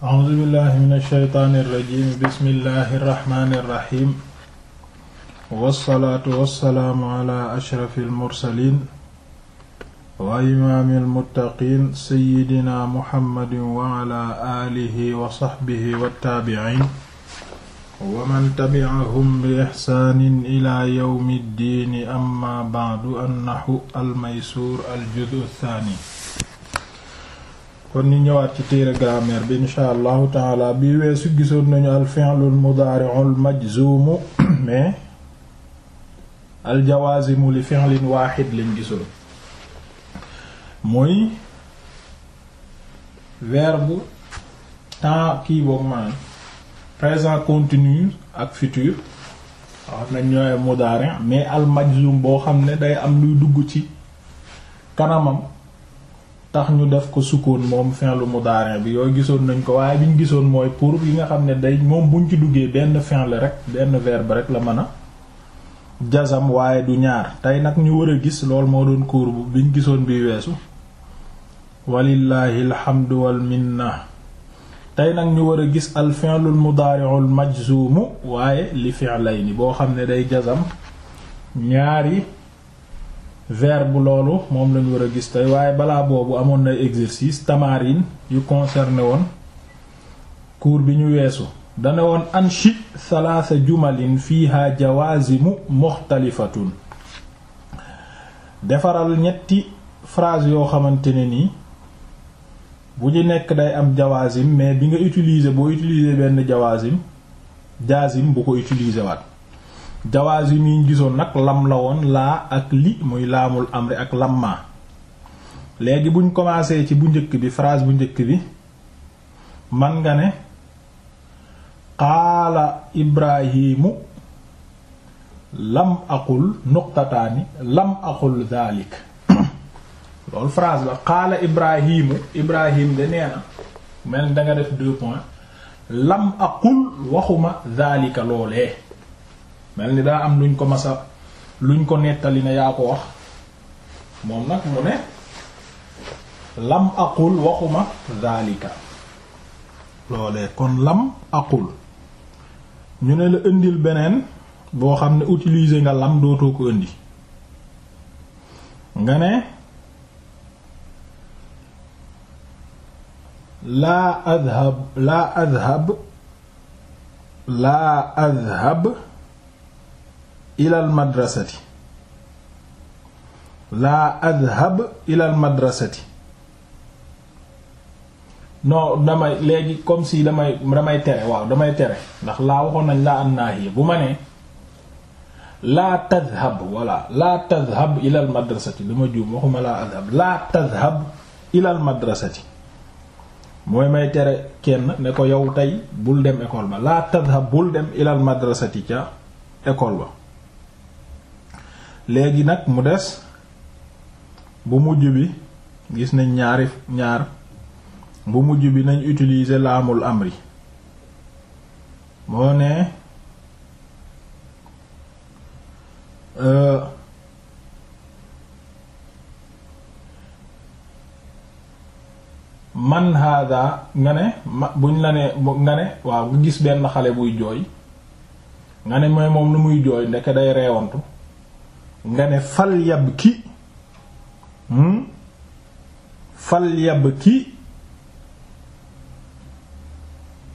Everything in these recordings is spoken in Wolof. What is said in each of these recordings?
a'uuzu billahi min alsheytaani irrajim bismillahi irrahmani irrahim wassalaatu wassalaamu ala ashrafi almursalin wa imaami almuttaqiin seyidina muhammadin wa ala aalihi wa saxbihi wattaabiciin wa man tabi'ahum bi ixsaanin ila yawmi ddiini amma ba'du annaxu almaysuur aljuzu thaani kon ñu ñëwaat ci téere grammaire bi insha allahu taala bii weesu gisoon nañu al fi'lul mudaari'ul majzuumu mais al jawaasimu li fi'lin waahid lañ gisoon mooy verbe temps kii boobu maanaam présent continu ak futur wax nañ ñooy mudaari' mais al majzuum boo xam ne day am luy dugg ci kanamam tax ñu def ko sukkoon moom fin lu mudaari bi yooyu gisoon nañ ko waaye bi ñu gisoon mooy pour yi nga xam ne day moom buñ ci duggee benn fin la rek benn verbe rek la mën a jazam waaye du ñaar tey nag ñu war a gis lool moo doon kuur bu biñ gisoon bi weesu walillahi alhamdu wal minna tey nag ñu war a gis al fi'lul mudaari'ul majzumu waaye li ni boo xam ne day jasam ñaari verbe loolu moom lañu war a gis tey waaye balaa boobu amoon nay exercice tamarin yu concerné woon cours bi ñu weesu dane woon anchi salaasa jumalin fiiha jawazimu moxtalifatul defaral ñetti phrase yoo xamante ne nii bu ñu nekk day am jawazim mais bi nga utiliser boo utiliser benn jawazim jazim bu ko utiliser waat jawaaz yi miñ gisoon nag lam la woon laa ak li muy laamul amri ak lamma léegi buñ commencé ci bu njëkk bi phrase bu njëkk bi man nga ne qaala ibrahimu lam aqul nuqtataani lam akul daalik loolu phrase la qaala ibrahimu ibrahim de nee na mel da nga def deux lam aqul waxuma daalika loolee mel ni daa am luñ ko masa luñ ko nettali ne yaa ko wax moom nag mu ne lam aqul waxuma zalika loolee kon lam aqul ñu ne la indil beneen boo xam ne utiliser nga lam dootoo ko indi nga ne laa adhab laa adhab laa adhab ilal madrasati laa adhab ilal madrasati non damay léegi comme si damay damay tere waaw damay tere ndax laa nañ laa an naahiya bu ma laa tadhab laa tadhab dama juum waxuma laa adhab laa tadhab ilal madrasati mooy may tere kenn ne ko yow tey bul dem école ba laa tadhab bul dem ilal madrasati ca école ba léegi nag mu des bu mujj bi gis nañ ñaari ñaar bu mujj bi nañ utiliser laamul amri moo ne euh, man hada nga ne ma buñ la ne nga ne waaw nga gis benn xale buy jooy nga ne moom lu muy jooy ndeke day reewantu nga ne fal yab ki hmm? fal yab ki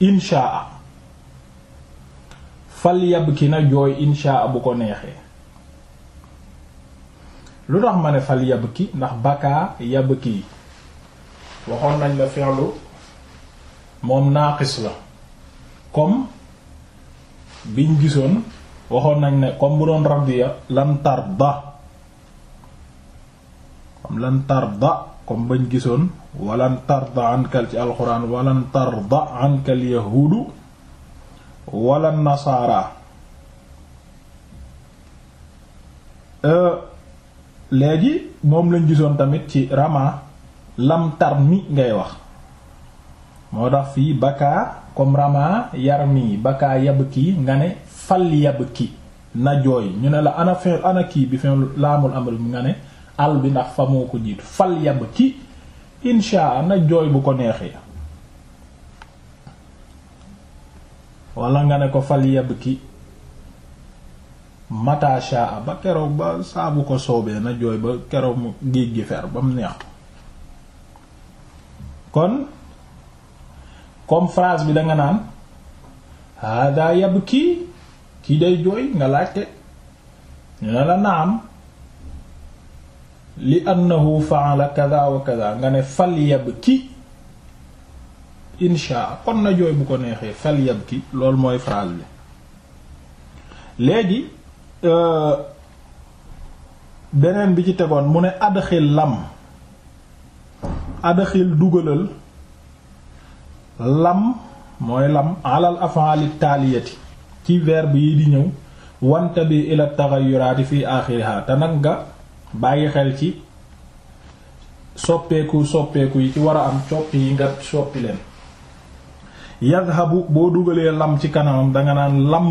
inshaa fal yab ki na jooy inshaa bu ko neexee lu tax ma ne fal yab ki ndax bakaa yab ki waxoon nañ la fi'lu moom naaqis la comme biñ gisoon waxoon nañ ne comme bu doon radiya lan tarda comme lan tarda comme bañ gisoon walan tarda ankal ci alxuraan walan tarda ankal yahuudu wala nasaara euh, léegi moom lañ gisoon tamit ci rama lam tar mi ngay wax moo tax fii bakaa comme rama yar mi bakaa yab kii nga ne fal yabki na jooy ñu ne la ana fin ana kii bi fin laamul amri bi nga ne al bi ndax fa moo ko jiitu fal yabki inshaa na jooy bu ko neexee wala nga ne ko fal yabki mata shaa ba keroog ba saabu ko soobee na jooy ba keroog mu géej gi ba mu neex kon comme phrase bi danga naan hada yabki kii day jooy nga laajte ne la naam li annahu fa'ala kaza wa kaza nga ne fal yabki insha kon na jooy bu ko neexee fal ki loolu mooy phrase bi léegi euh, beneen bi ci tegoon mu ne adxil lam adxil dugalal lam mooy lam alal af'al at-taliyati ci verbe yi di ñëw wante bi ila taghayyurati fi akhiriha te nag nga bàyyi xel ci soppeeku soppeeku yi ci war a am coppi yi nga soppi leen yadhabu boo dugalee lam ci kanamam danga naan lam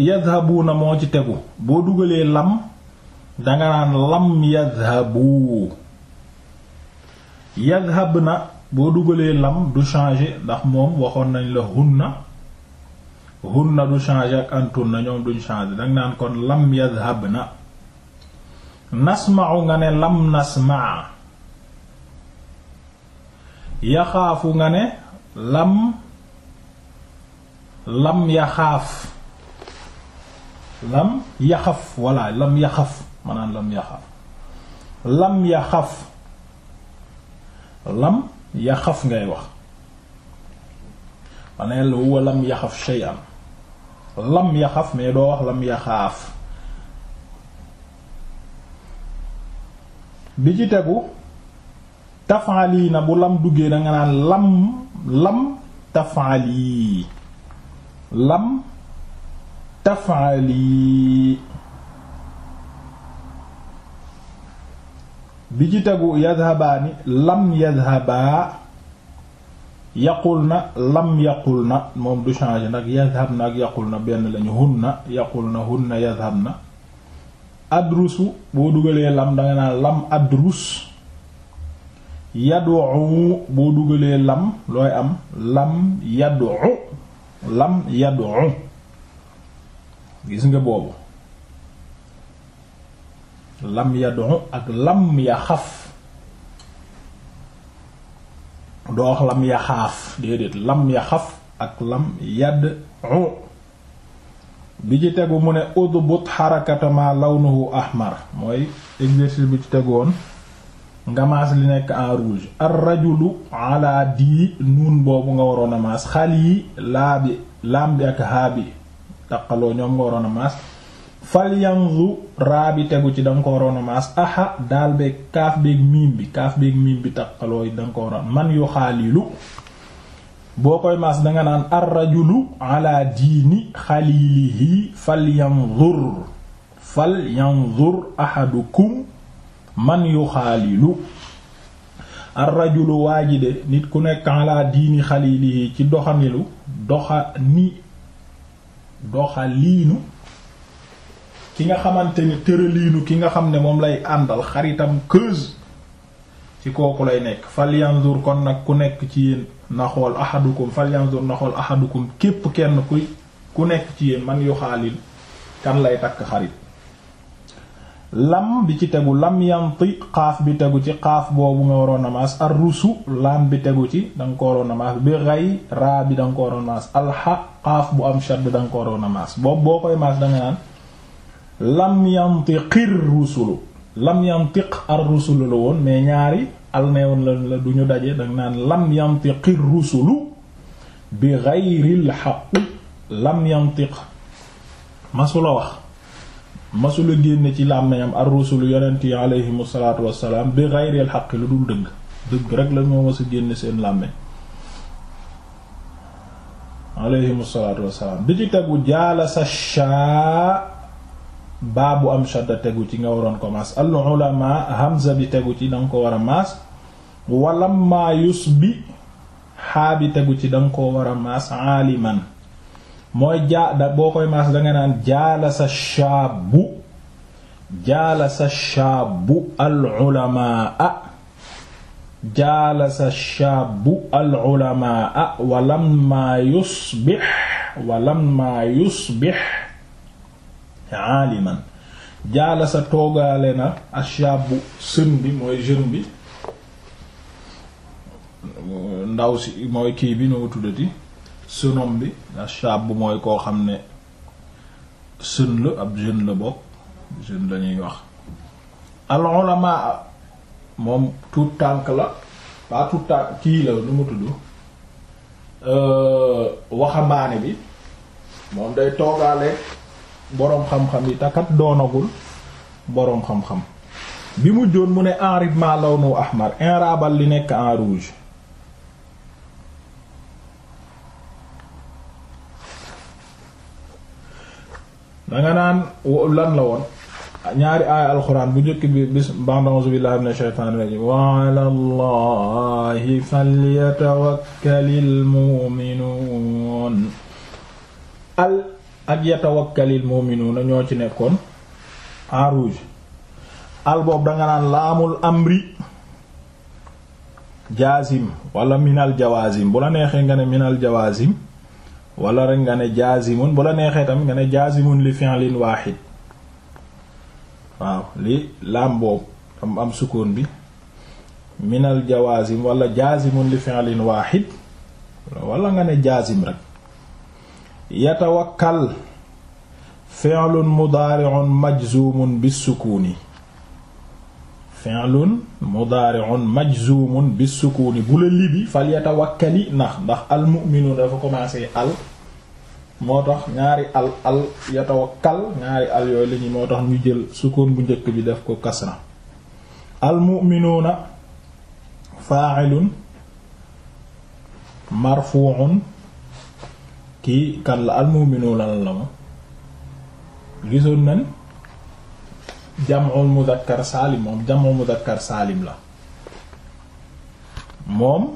yadhab na moo ci tegu boo dugalee lam danga naan lam yadhabu yadhab na boo dugalee lam du changer ndax moom waxoon nañ la na hunna du changé ak antunna ñoom duñ changé danga naan kon lam yadhabna nasma'u nga ne lam nasmaa yaxaafu nga ne lam lam yaxaaf lam yaxaf walla lam yaxaf maanaam lam lam yaxaf lam yaxaf ngay wax maneel huwa lam yaxaf shay'an lam yaxaf mais doo wax lam yaxaaf bi ci tegu tafaali na bu lam duggee danga naan lam lam tafaali lam tafaali bi ci tegu yadhabaani lam yadhabaa yaqul na lam yaqul na moom du changé nag yadhab na ak yaqul na benn lañu hunna yaqul na hunna yadhab na adrusu boo dugalee lam danga boo dugalee lam looy am lam yad'u lam yad'u gis nga boobu lam yad'u ak lam yaxaf doo wax lam yaxaaf déedéet lam yaxaf ak lam yadd u bi ci tegu mu ne udbut xarakatama lawnuhu ahmar mooy exercice bi ci tegoon nga li nekk en rouge ar rajulu ala di nuun boobu nga waroon a maas xal yi laa bi laam bi ak haa bi taqaloo ñoom nga waroon a maas falyanzu raa bi tegu ci da nga ko waroon a maas aha daal beeg kaaf beeg miim bi kaaf beeg miim bi takkalooy da nga ko waroon man yu xaalilu boo koy maas danga naan arrajulu ala diini xaliilihi falyanzur falyanzur ahadukum man yu xaalilu arrajulu waa ji de nit ku nekk ala diini xaliilihi ci doxanilu doxa doxaliinu ki nga xamante ni tëraliinu ki nga xam ne moom lay àndal xaritam keuse ci kooku lay nekk falyanzur kon nag ku nekk ci yéen na xool ahadukum falyanzur na xool képp kenn kuy ku nekk ci yéen man yu xaalil kan lay takk xarit lam bi ci tegu lam yanti xaaf bi tegu ci xaaf boobu nga waroon a maas ar rusu bi tegu ci danga ko bi ray xaaf bu am shadd danga ko maas boobu boo koy maas danga naan lam yantiqir rusulu lam yantiq ar rusulu la woon mais ñaari al neewoon la la du ñu daje danga naan lam yantiqir rusulu bi gayril xaq lam yantiq masula wax masula génne ci làmmiñam ar rusulu yonent yi aleyhim salaatu wassalaam bi gayril xaq lu dul dëgg dëgg rek ci tegu jaalasa shaa baabu am shadda tegu ci nga waroon ko maas al ulama hamza bi tegu ci danga ko war a maas walamma yus bi xaa bi tegu ci danga ko war a maas aaliman mooy jaa da boo koy maas danga naan jaala sa shaabu jaala sa shaabu al ulamaa jaala sa shaabu al ulamaa walamma yusbix walamma yusbix aaliman jaala sa toogaale na ashabu sën bi mooy jeune bi ndaw si mooy kii bi noo tuddati sënom bi ashabu mooy koo xam ne sën la ab jeune la bokk jeune lañuy wax al ulama moom tuut tànk la pas tuut tànk kii la nu mu tudd euh, waxambaane bi moom day toogaale boroom xam-xam yi takkat doonagul boroom xam-xam bi mu joon mu ne enrib ma lawnu ahmar inraabal li nekk en rouge danga naan lan la woon ñaari aaya alxuraan bu njëkk bi bis ba'uuzu billaahi mina shaytaani rajiim wa ala llaahi falyatawakkalil mu'minuun ak yatawakkalil na ñoo ci nekkoon en rouge al danga naan laamul amri jaazim wala minal jawaazim bu la neexee nga ne minal jawaazim wala rek nga ne jaazimun bu la neexee tamit nga ne jaazimun li fi'lin waahid waaw li laam boobu am sukkoon bi minal jawaazim wala jaazimun li fi'lin waahid wala nga ne jaazim rek yatawakkal fi'lun mudaari'un majzuumun bissukuuni fi'lun mudaari'un majzuumun bissukuuni bu la libi fal yatawakkali ndax ndax al mu'minu dafa commencé al moo tax ñaari al al yatawakkal ñaari al yooyu la moo tax ñu jël sukkoon bu njëkk bi def ko kasra al mu'minuuna faa'ilun marfuu'un kii kan la almu'minu lan la ma gisoon nañ jam'ul muzakkar saalim moom jam'ul muzakkar saalim la moom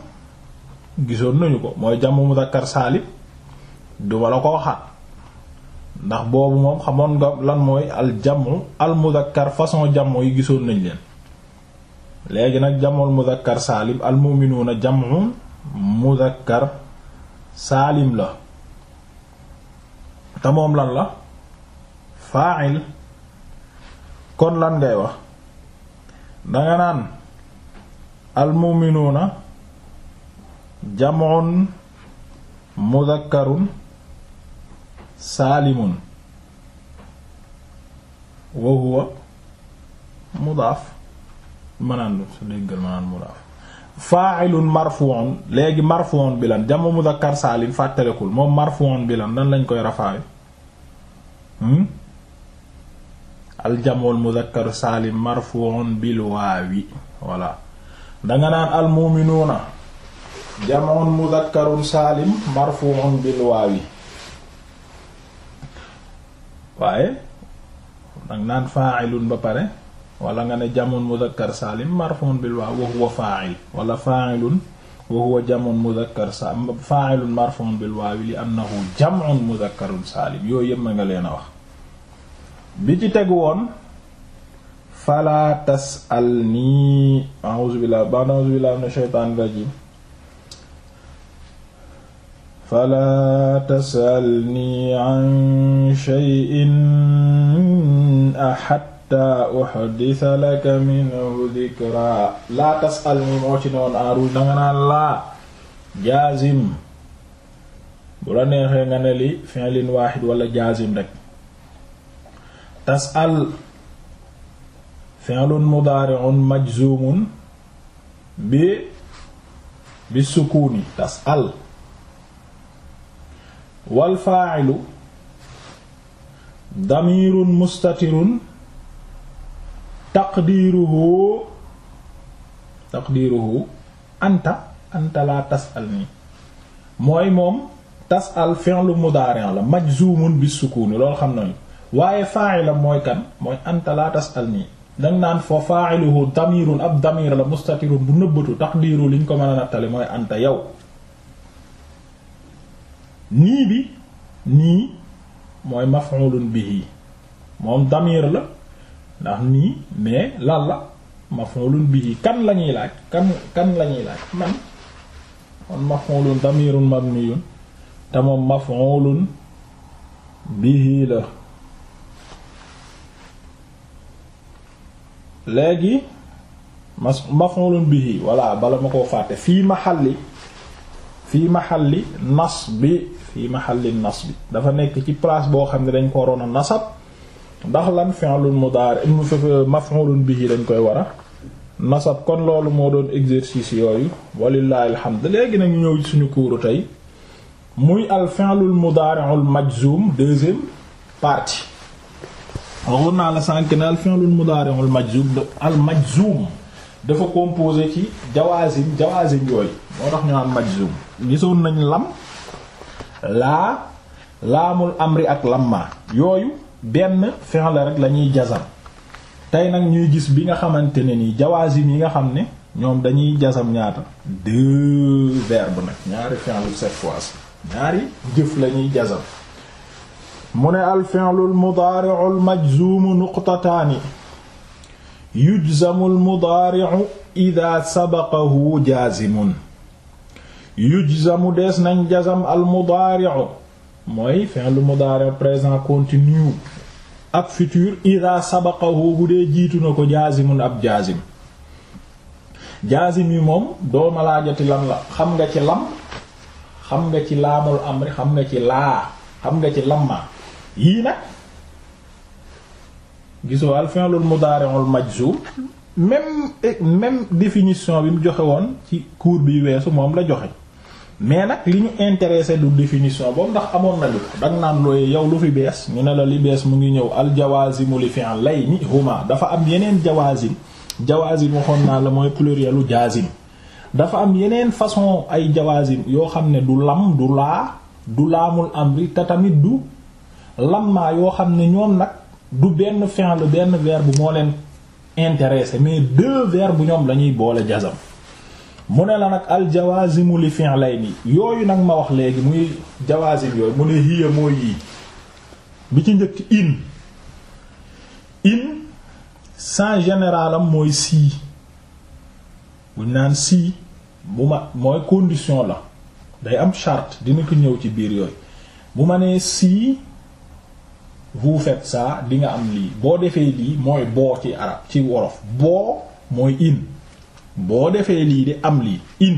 gisoon nañu ko mooy jam'ul muzakkar saalim duma la ko waxaat ndax boobu moom xamoon nga lan mooy al jam'u al muzakkar façon jam'u yi gisoon nañ leen léegi nag jam'ul muzakkar saalim al mu'minuuna jam'un muzakkar saalim la te moom lan la fa'il kon lan ngay wax danga naan almuminuuna jam'un mudhakkarun saalimun wa huwa mudaaf manaan su déggal manaan mudaaf fa'ilun marfu'un léegi marfu'un bi lan jamu mudhakkar saalim fàttalekul moom marfu'un bi lan nan lañ koy rafaawe Hmm? aljamul muzakkar saalim marfuun bil waawi voilà danga naan almuminuuna jamun muzakkarun saalim marfuun bil waawi waaye danga naan fa'ilun ba pare wala nga ne jamun muzakkar saalim marfuun bil waawi wa huwa fa'il wala fa'ilun wa huwa jam'un mudhakkar sa fa'ilun marfu'un bil waawi li annahu jam'un mudhakkarun saalim yooyu yëpp ma nga leen a wax bi ci tegu woon fala tasalni a'udhu billahi ba'da a'udhu billahi minash shaytanir xatta uxdisa laka mi moo ci noon en danga naan laa jaazim bu la neexee nga ne li fi'lin waaxid wala jaazim rek tasal fi'lun mudaari'un majzumun bi bi sukuuni tasal wal faa'ilu damirun mustatirun taqdiruhu taqdiruhu anta anta laa tasal nii mooy moom tasal fi'lu mudari' la majzumun bis sukuni loolu xam nañu waaye fa'ila mooy kan mooy anta laa tasal nii danga naan fa fa'iluhu damirun ab damir la mustatirun bu nëbbatu taqdiru liñ ko mën a nattale mooy anta yow nii bi nii mooy maf'ulun bihi moom damir la ndax nii mais lan la maf'ulun bihi kan la ñuy laaj kan kan la ñuy laaj man kon maf'ulun damirun mabniyun te moom maf'ulun bihi la léegi mas maf'ulun bihi walla bala ma koo fàtte fii mahalli fii ma xalli mahalli bi fii mahalli bi dafa nekk ci place boo xam ne dañ ko waroon a nasab ndax lan fi'lun mudari bi bihi dañ koy war a nasab kon loolu moo doon exercice yooyu walillahi alhamd léegi nag ñëw suñu kuuru tey muy al fi'lul mudari'ul majzum deuxième partie waxoon naa la sànk ne al fi'lul mudari'ul majzum al majzum dafa composé ci jawaazim jawaazim yooyu moo tax ñu naan majzum gisoon nañ lam laa amul amri ak lamma yooyu benn fi'l rek la ñuy jazam tey nag ñuy gis bi nga xamante ne nii jawaazim yi nga xam ne ñoom dañuy jazam ñaata deux verbes nag ñaari fi'l cette fois ñaari jëf la jazam mu ne al fi'lu al mudaari'u al majzumu nuqtataani yujzamu al mudaari'u ida sabaqahu jaazimun yujzamu dees nañ jazam al mudaari'u mooy fi'l mudari présent continu ak futur ida sabaqahu bu dee jiitu na ko jaazimun ab jaazim jaazim yi moom dooma laajati lan la xam nga ci lam xam nga ci laamul amri xam nga ci laa xam nga ci lamma yii nag gisoo al fi'lul mudari'ul majzum même même définition bi mu joxe woon ci cours bi weesu moom la joxe mais nag li ñu intéressé du définition boobu ndax amoon na ko danga naan looy yow lu fi bees ñu ne la li bees mu ngi ñëw al aljawazimu li fi'layni huma dafa am yeneen jawazim jawazim waxoon naa la mooy plurielu jazim dafa am yeneen façon ay jawazim yoo xam ne du lam du laa du laamul amri te tamit du lammaa yoo xam ne ñoom nag du benn fi'l benn bu moo leen intéressé mais deux bu ñoom lañuy boole jazam mu ne la nag aljawazimu li fi'layni yooyu nag ma wax léegi muy jawazim yooyu mu ne hiya mooy yii bi ci njëkk in in sans généralam mooy sii buñ naan sii bu ma mooy condition la day am charte dina ko ñëw ci biir yooyu bu ma nee sii vous faites ça di nga am lii boo defee lii mooy boo ci arab ci wolof boo mooy in boo defee lii de am lii in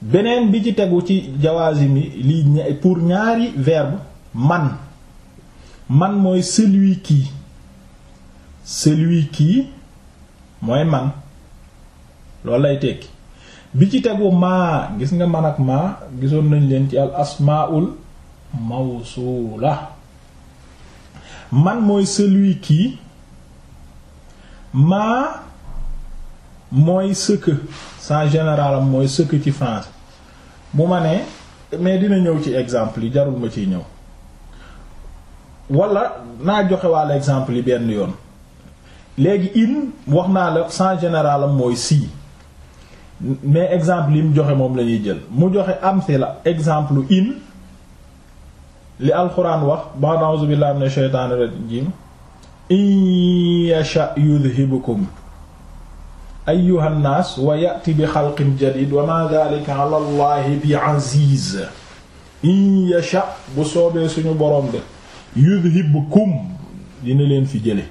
beneen bi ci tegu ci jawaazim mi lii pour ñaari verbe man man mooy celui qui celui kii mooy man loolu lay tekki bi ci tegu maa gis nga man ak maa gisoon nañ leen ci al asmaul mawsula man mooy sëlwi qui maa mooy sëkk sans général am mooy sëkk ci français bu ma nee mais dina ñëw ci exemple yi jarul ma ciy ñëw wala naa joxe wàlla exemple yi benn yoon léegi in wax naa la sans général am mooy sii mais exemple yi mu joxe moom la ñuy jël mu joxe la exemple in li alquran wax ba'd a'udhu billahi minash shaytanir rajim in yasha yudhhibukum ay nnaas wa ya'ti bi xalqin jadid wa ma dhalika ala allahi bi aziz in yasha bu soobee suñu boroom de yudhibkum dina leen fi jële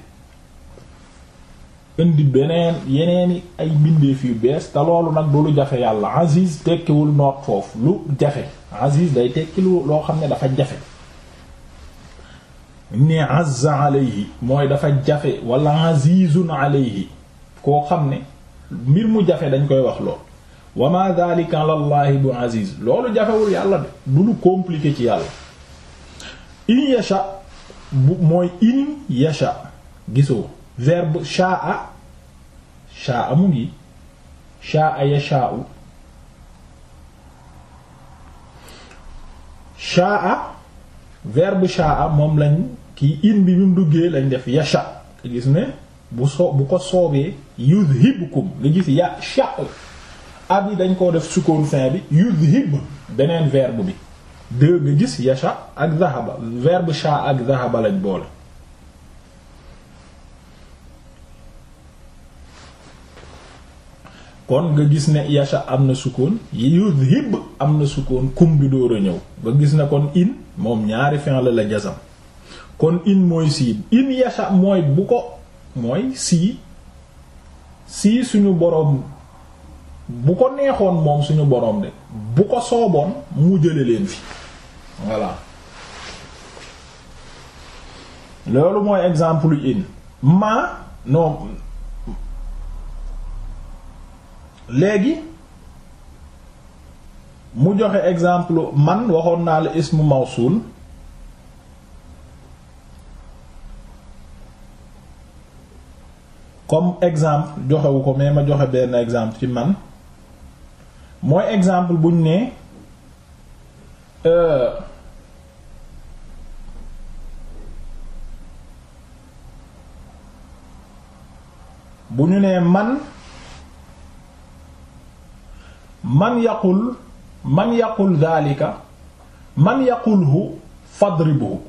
indi beneen yeneeni ay mbindeef yu bees te loolu nag du lu jafe yàlla aziz tekkiwul noot foofu lu jafe aziz day tekki lu loo xam ne dafa jafe ni azza alayhi mooy dafa jafe wala azizun alayhi koo xam ne mbir mu jafe dañ koy wax lool wa ma dhalika bu aziz loolu jafewul yàlla de du lu compliqué ci yàlla in yasha bu mooy in yasha gisoo verbe shaa shaa mu ngi shaa yashaa'u shaa verbe shaa moom lañ kii in bi bi mu duggee lañ def yasha gis ne bu soo bu ko soobee yudhibkum li gis ya shaq ab yi dañ koo def sukkoon fin bi yudhib beneen verbe bi deux nga gis yasha ak zahaba verbe sha ak zahaba lañ boole kon nga gis ne yasha am na sukkoon yudhib am na sukkoon kum bi dóor a ñëw nga gis ne kon in moom ñaari fin la la jasam kon in mooy siib in yasha mooy bu ko mooy sii sii suñu boroom bu ko neexoon moom suñu boroom de bu ko sooboon mu jële leen fii voilà loolu mooy exemple yu in ma non léegi mu joxe exemple man waxoon naa la ismu mawsul comme exemple joxewu ko mais ma joxe benn exemple ci man mooy exemple buñ ne euh, bu ñu nee man man yaqul man yaqul daalika man yaqulhu fadribuhu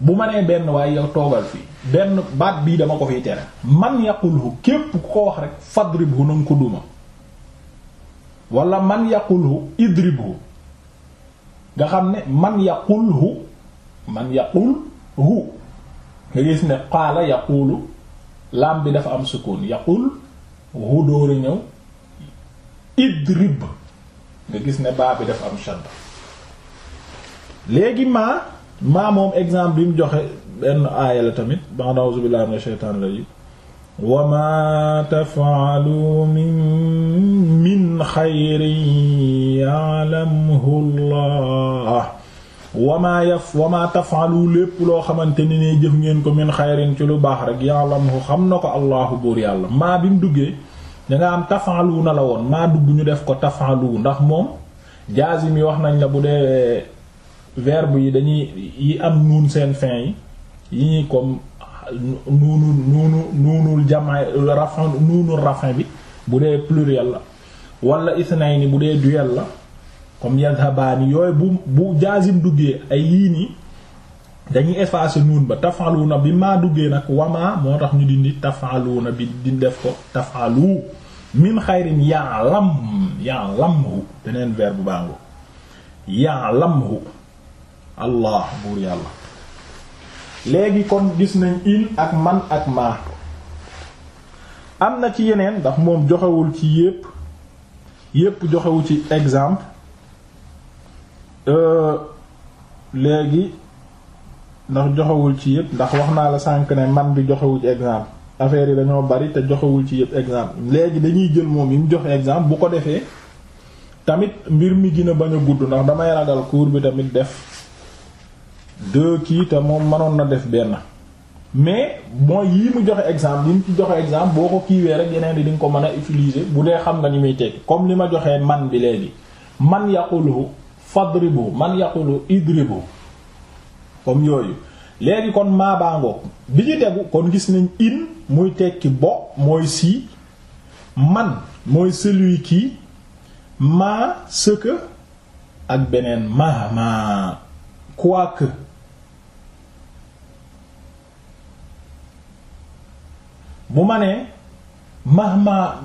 bu ma nee benn waaye yow toogal fii benn baat bii dama ko fiy tere man yaqulhu képp ku ko wax rek fadribhu na nga ko duma wala man yaqulhu idribhu nga xam ne man yaqulhu man yaqulhu nga gis ne xaala yaqulu laam bi dafa am sukun yaqul hu dóora ñëw rib nga gis ne baa bi dafa am shadd léegi maa maa moom exemple bi mu joxe benn aaya tamit ba'da a'uuzu billahi minash shaytaanir rajiim wa maa taf'alu min min xayrin ya'lamhu Allah wa maa yaf wa maa lépp loo xamante ni ne jëf ngeen ko min xayrin ci lu baax rek ya'lamhu xam na ko Allahu buur yàlla maa bi mu duggee danga am taf'alu na la woon maa dugg ñu def ko taf'alu ndax moom jaazim yi wax nañ la bu dee verbe yi dañuy yi am nuun seen fin yi yi ñuy comme nuunu nuunu nuunul jamaa bi bu dee pluriel la wala isnayni bu dee duel la comme yadhabaani yooyu bu bu jaazim duggee ay yii nii dañuy effacer nuun ba tafaluna bi maa duggee nag wamaa moo tax ñu dindi na bi di def ko tafalu min xayrin ya'lam ya'lamhu beneen verbe baa ngo ya'lamhu allah buur yàlla léegi kon gis nañ in ak man ak maa am na ci yeneen ndax moom joxewul ci yépp yépp joxewu ci exemple euh, léegi ndax joxewul ci yépp ndax wax naa la sànq ne man bi joxewu ci exemple affaire yi dañoo bari te joxewul ci yépp exemple léegi dañuy jël moom yi mu joxe exemple bu ko defee tamit mbir mi gën a bañ gudd ndax damay ragal cours bi tamit def deux kii te moom mënoon na def benn mais mooy yii mu joxe exemple yi mu ci joxe exemple boo ko kiiwee rek yeneen di di nga ko mën a utiliser bu dee xam nga ni muy tekki comme li ma joxee man bi léegi man yaqulu fadribu man yaqulu idribu comme yooyu léegi kon maa baangoog bi ñu tegu kon gis nañ in muy tekki bo mooy si man mooy celui qui maa ce ak beneen maa maa bu ma nee mahma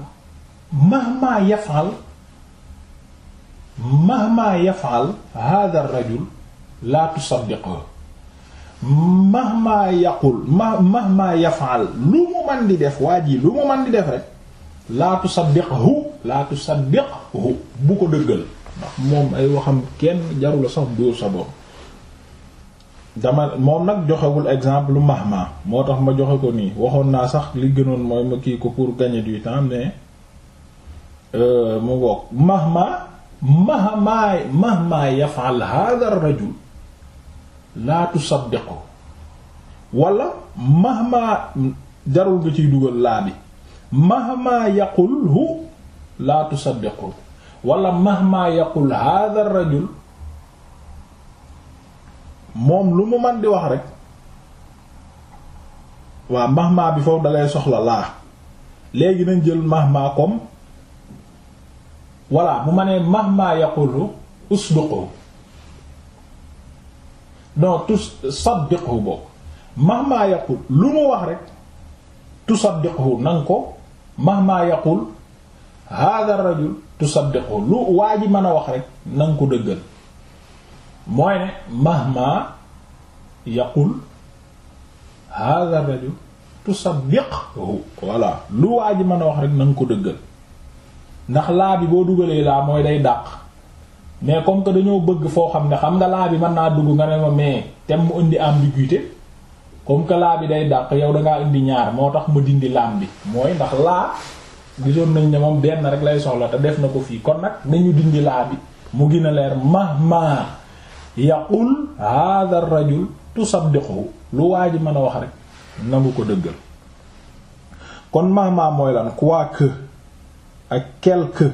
mahma yafal mahma yafal hada rajul la tusaddiqu mahma yaqul ma mahma yafal lu mu man di def waa ji lu mu man di def rek la tusaddiqhu la tusaddiqhu bu ko dëggal ndax moom ay waxam kenn jarula sax dóor sa bopp dama moom nag joxewul exemple mahma moo tax ma joxe ko nii waxoon naa sax li gënoon mooy ma kii ko pour gagner du temps mais euh, mu ngoog mahma mahma mahma yaf'al hadha ar-rajul la tusaddiqu wala mahma jarul nga ciy dugal laa bi mahma yaqul hu la tusaddiqu wala mahma yaqul hadha rajul moom lu mu man di wax rek waa mahma bi foofu dalay soxla laa léegi nañ jël mahma comme voilà mu ma nee mahma yaqulu usduqu non tus saddiqu boobu mahma yaqul lu mu wax rek tusaddiqu nanga ko mahma yaqul hadha ar-rajul tusaddiqu lu waa ji mën a wax rek nanga ko dëggal mooy ne mahma yaqul hadha rajul tusaddiqhu voilà lu waa ji mën a wax rek na ko dëggal ndax laa bi boo duggalee laa mooy day dàq mais comme que dañoo bëgg foo xam ne xam nga laa bi mën naa dugg nga ne ma mais tem mu indi ambiguïté comme que laa bi day dàq yow dangaa indi ñaar moo tax ma dindi laam bi mooy ndax laa gisoon nañ ne moom benn rek lay soxla te def na ko fii kon nag nañu dindi laa bi mu gina leer mahma yaqul hadha ar-rajul tusaddiquhu lu waa ji mën a wax rek nangu ko dëggal kon mahma mooy lan quoique ak quelque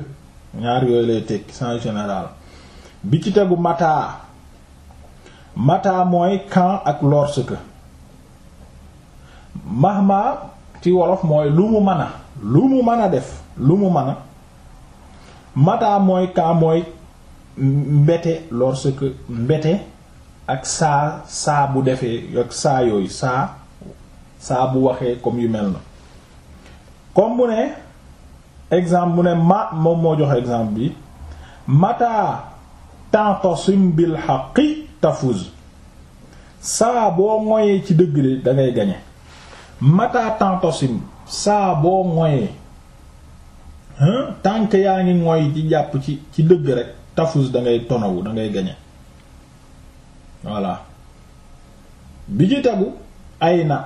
ñaar yooyu lay tekki sans général bi ci tegu mata mata mooy quand ak lorsque mahma ci wolof mooy lu mu mën a lu mu mën a def lu mu mën a mata mooy quand mooy mbete lorsque mbete ak saa saa bu defee ak saa yooyu saa saa bu waxee comme yu mel na comme bu ne exemple bu ne ma moom moo jox exemple bi mata tantasim bil haqqi tafuz saa boo moyee ci dëgg de da gañe mata tantasim saa boo moyee hein tànk yaa ngi moy ci jàpp ci ci dëgg rek tafus da ngay tonawu gañe voilà bi ci tagu ayna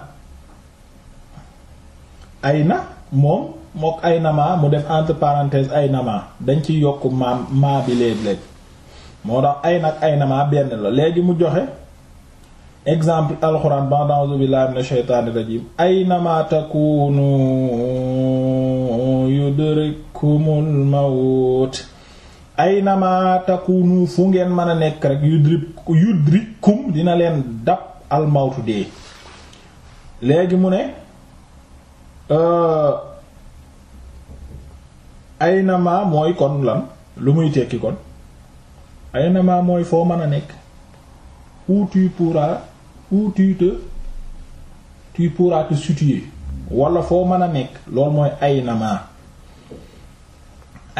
ayna moom mook ayna ma mu def entre parenthèse ayna ma dañ ci yokk ma maa bi léeg-léeg moo tax ayna ak ayna ma benn la léegi mu joxe exemple alxuraan ba a'uuzu billaahi mina shaytaani rajiim ayna ma takunu yudrikumul mawt aynama takunu fu ngeen mën a nekk rek yu yudrikum dina leen dab almawtu dee léegi mu ne euh, aynama mooy kon lan lu muy tekki kon aynama mooy foo mën a nekk où tu pourras où tu te tu pourras te situer wala foo mën a nekk loolu mooy aynama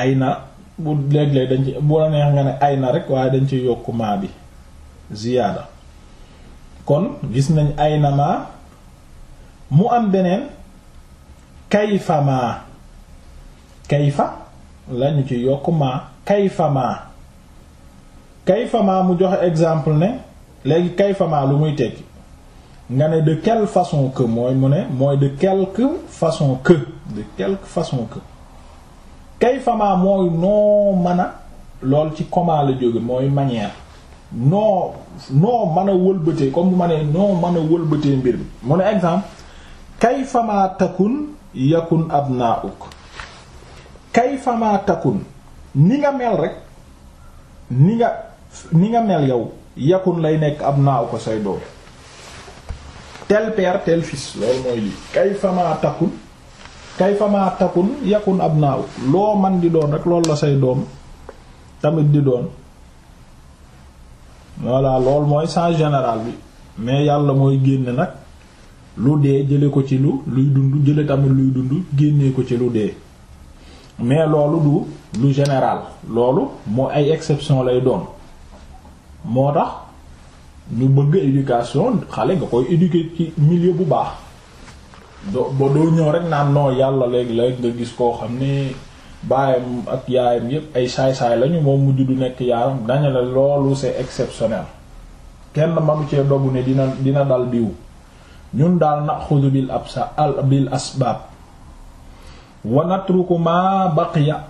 ayna bu léeg-léeg dañ ci bu la nga ne ay na rek waaye dañ ci yokku maa bi ziyaada kon gis nañ ay na maa mu am beneen kayfa maa kayfa lañu ci yokku maa kayfa maa kayfa mu joxe exemple ne léegi kayfa maa lu muy tekki nga ne de quelle façon que mooy mu ne mooy de quelque façon que de façon que kayfama mooy noo mën a lool ci comment la jóge mooy manière noo noo mën a wëlbatee comme ma ne noo mën a wëlbatee mbir mi mu ne exemple kayfama takun yakun abnauk kayfama takun ni nga mel rek ni nga ni nga mel yow yakun lay nekk abnauk say doom tel père tel fils loolu mooy lii kayfama takun kayfa ma takun yakun abnaaw loo man di doon rek loolu la say doom tamit di doon voilà loolu mooy sens général bi mais yàlla mooy génne nag lu dee jële ko ci lu luy dund jële tamit luy dund génnee ko ci lu dee mais loolu du lu général loolu moo ay exception lay doon moo tax ñu bëgg éducation xale nga koy éduquer ci milieu bu baax doo ba doo ñëw rek naan non yàlla léegi léeg nga gis koo xam ni baayam ak yaayam yépp ay saay-saay lañu moom mujj du nekk yaaram dañu la loolu c'est exceptionnel kenn manu cee dogu ne dina dina dal diw ñun daal naxudu bil absa al bil asbaab wa natruku ma baqiya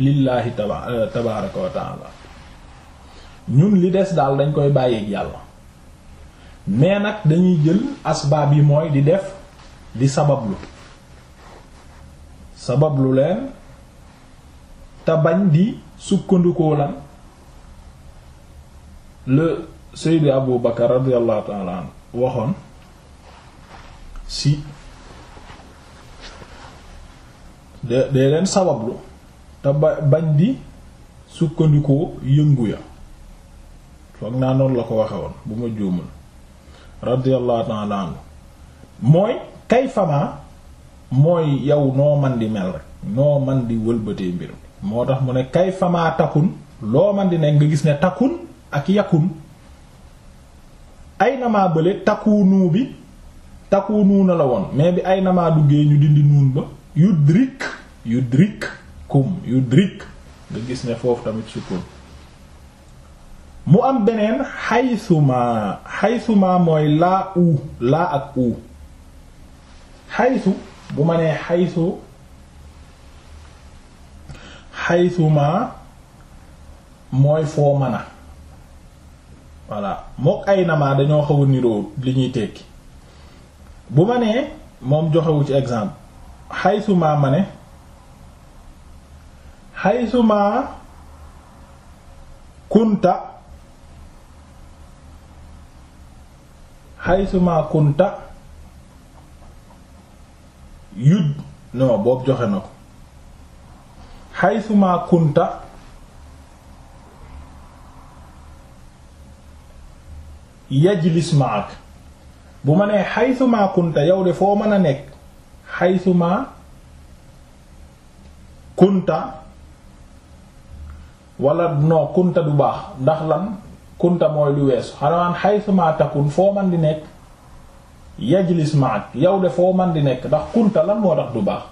lillaahi euh, tabaaraka wa taala ñun li des daal dañ koy bàyyeeg yàlla mais nag dañuy jël asbaab yi mooy di def di sabablu sabablu leen te bañ di sukkandikoo lan le Seydi Abu Bakar radiyallahu ta'ala anhu waxoon si de dee leen sabablu te ba bañ di sukkandikoo yëngu ya foog naa noonu la ko waxe bu ma juumul radiyallahu ta'ala anhu mooy kay kayfama mooy yow noo man di mel rek noo man di wëlbatee mbir moo tax mu ne kayfama takun loo man di nekk nga gis ne takun ak yakun ay namaa bële takunu bi takunuuna la woon mais bi ay namaa duggee ñu dindi nuun ba yudrik yudrik kum yudrik nga gis ne foofu tamit sukun mu am beneen xaytuma xaytuma mooy laa u laa ak u xaysu bu ma nee xaytu xaytu mooy foo mën voilà mook ay namaa dañoo xaw niroo li ñuy tekki bu ma nee moom joxewu ci exemple xaytu ma ne xaytu kunta xaytu kunta yud non boobu joxe na ko xaytuma kunta yajlis ma'ak bu ma nee xaytuma kunta yow de foo mën a nekk xaytuma kunta wala non kunta du baax ndax lan kunta mooy lu wees xanaa xaytuma takun foo man di nekk yajlis ma'ak yow de foo man di nekk ndax kunta lan moo tax du baax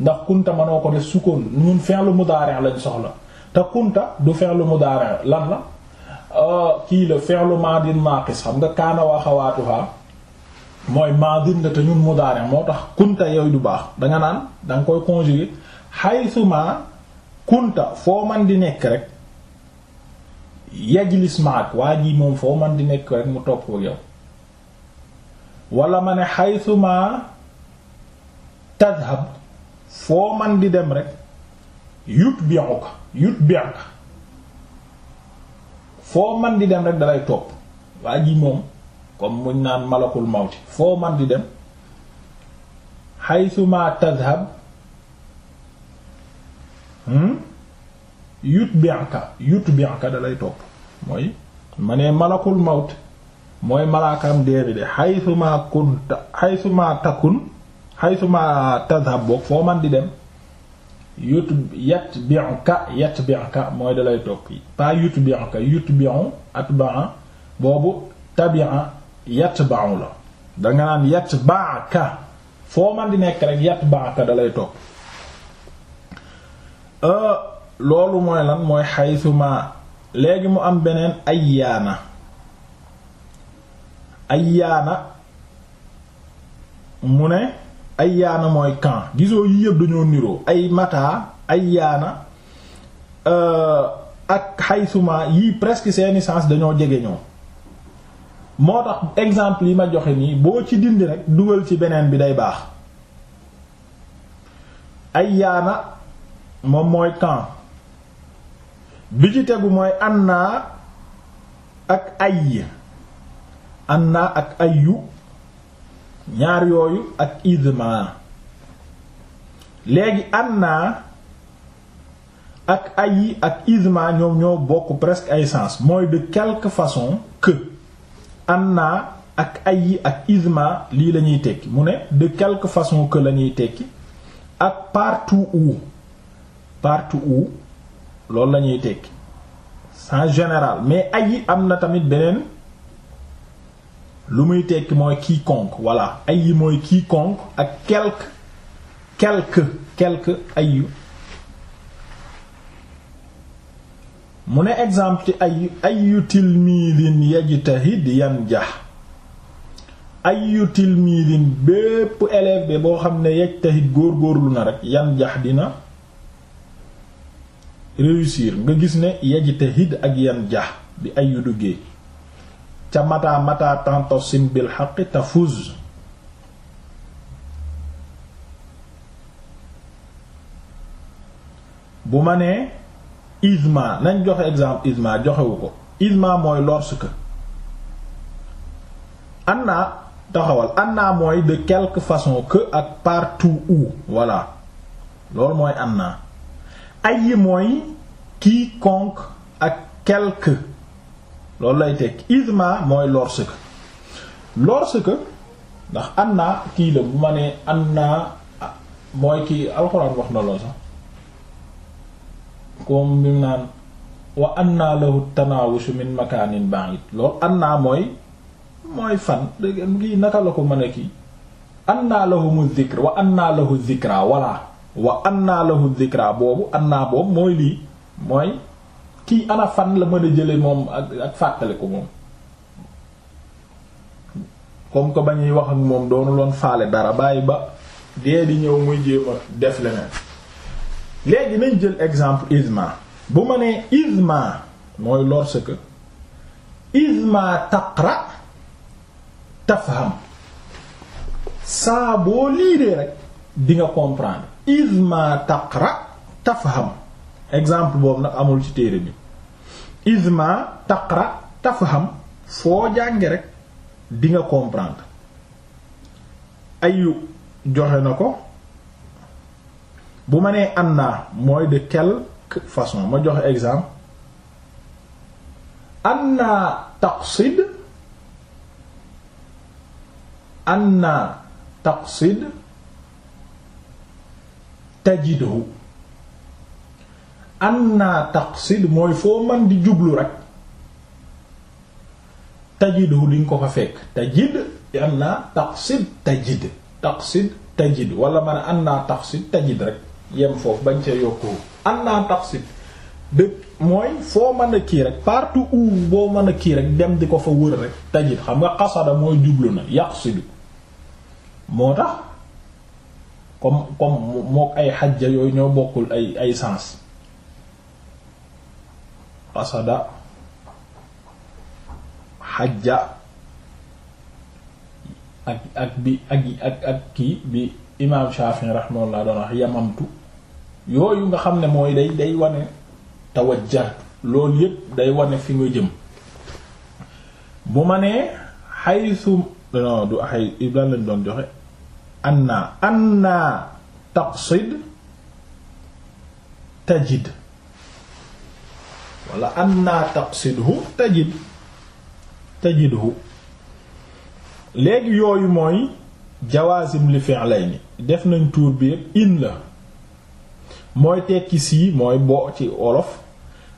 ndax kunta manoo ko def sukkoon ñun fi'lu mudari' lañ soxla te kunta du fi'lu mudari' lan la euh, kii la fi'lu madin naqis xam nga kaana wa xawaatuha mooy madin la te ñun mudari' moo tax kunta yooyu du baax danga naan danga koy conjuguer haythuma kunta foo man di nekk rek yajlis ma'ak waa ji moom foo man di nekk rek mu topp yow wala ma ne xaytuma tadhab foo man di dem rek yutbi'uka yutbi'uka foo man di dem rek dalay topp waa ji moom comme muñ naan malakul mawti foo man di dem xaytuma tadhab hmm? yutbi'uka yutbi'uka dalay topp mooy ma ne malakul mawti mooy malaakam dee bi de xaytuma kunta xaytuma takun xaytuma tadhab foo man di dem yut yat bi'uka yat bi'uka mooy dalay topp yi pas yut bi'uka yut bi'u atba'a boobu tabi'a yat ba'u la danga naan yat ba'aka foo man di nekk rek yat ba'aka dalay topp euh, loolu mooy lan mooy xaysuma léegi mu am beneen ayyaana ayyaana mu ne ayyaana mooy quand gisoo yi yëpp dañoo niroo ay mataa ayyaana euh, ak xaysuma yii presque seeni sens dañoo jege ñoo moo tax exemple yi ma joxe nii boo ci dindi rek dugal ci beneen bi day baax ayyaana moom mooy quand bi ci tegu mooy annaa ak ay anna ak ayyu ñaar yooyu ak idma léegi naa ak ay ak isma ñoom ñoo bokk presque ay sens mooy de quelque façon que anna ak ay ak isma lii lañuy tekki mu ne de quelque façon que la ñuy tekki ak partout u partout où loolu lañuy tekki sens général mais ay am na tamit beneen lu muy tekki mooy kii quiconque voilà ay yi mooy quiconque ak quelque quelque quelque ayyu mu ne exemple ci ay ayyu tilmiidin yan yanjah ayyu tilmiidin bépp élève bi boo xam ne yajtahid góor-góorlu na rek yanjah dina réussir nga gis ne yajtahid ak yan yanjah bi ayyu duggee ca mata mata tantasim bil haqqi tafuz bu ma nee isma nañ joxe exemple isma joxewu ko isma mooy lorsque anna taxawal anna mooy de quelque façon que ak partout où voilà loolu mooy anna ay yi mooy quiconque ak quelque loolu lay tekki isma mooy lorsque lorsque ndax an naa kii la bu ma nee an naa mooy kii alxuraan wax na lool sax comme bi naan wa an naa lahu tanaawushu min makaanin ba'id loolu an naa mooy mooy fan lii naka la ko mën a kii an naa lahu mu zikr wa an naa lahu zikra walla wa an naa lahu zikra boobu an naa boobu mooy lii mooy kii ana la mën a jële moom ak ak fàttaliku moom comme que ba ñuy wax ak moom doonu loon faale dara bàyyi ba dee di ñëw muy jéem a def leneen léegi nañ jël exemple isma bu ma nee isma mooy lorsque isma taqra tafham saa boo liiree rek di nga comprendre isma taqra tafham exemple boobu nag amul ci téere bi izma taqra tafham foo jànge rek di nga comprendre ayu joxe na ko bu ma nee naa mooy de quelque façon ma joxe exemple anna na anna taqsid tajidhu an naa taqsid mooy foo man di jublu rek tajidhu diñ ko fa fekk tajid an naa taqsid tajid taqsid tajid wala man an naa taqsid tajid rek yem foofu bañ ca yokku an naa taqsid de mooy foo mën a kii rek partout boo mën a kii rek dem di ko fa wër rek tajid xam nga qasada mooy jublu na yaqsidu moo tax comme comme mook ay xajja yooyu ñoo bokkul ay ay sens qasada xajja ak ak bi ak ak doon wax yamamtu yooyu nga xam ne mooy day day wane tawajjah loolu yépp day wane fi nga jëm bu ma nee xaytu non du xay iblan lañ doon joxe anna anna taqsid tajid wala anna taqsidhu tajid tajidhu léegi yooyu mooy jawaasim lay fi'layni def nañ tuur bi in la mooy tekki sii mooy boo ci olof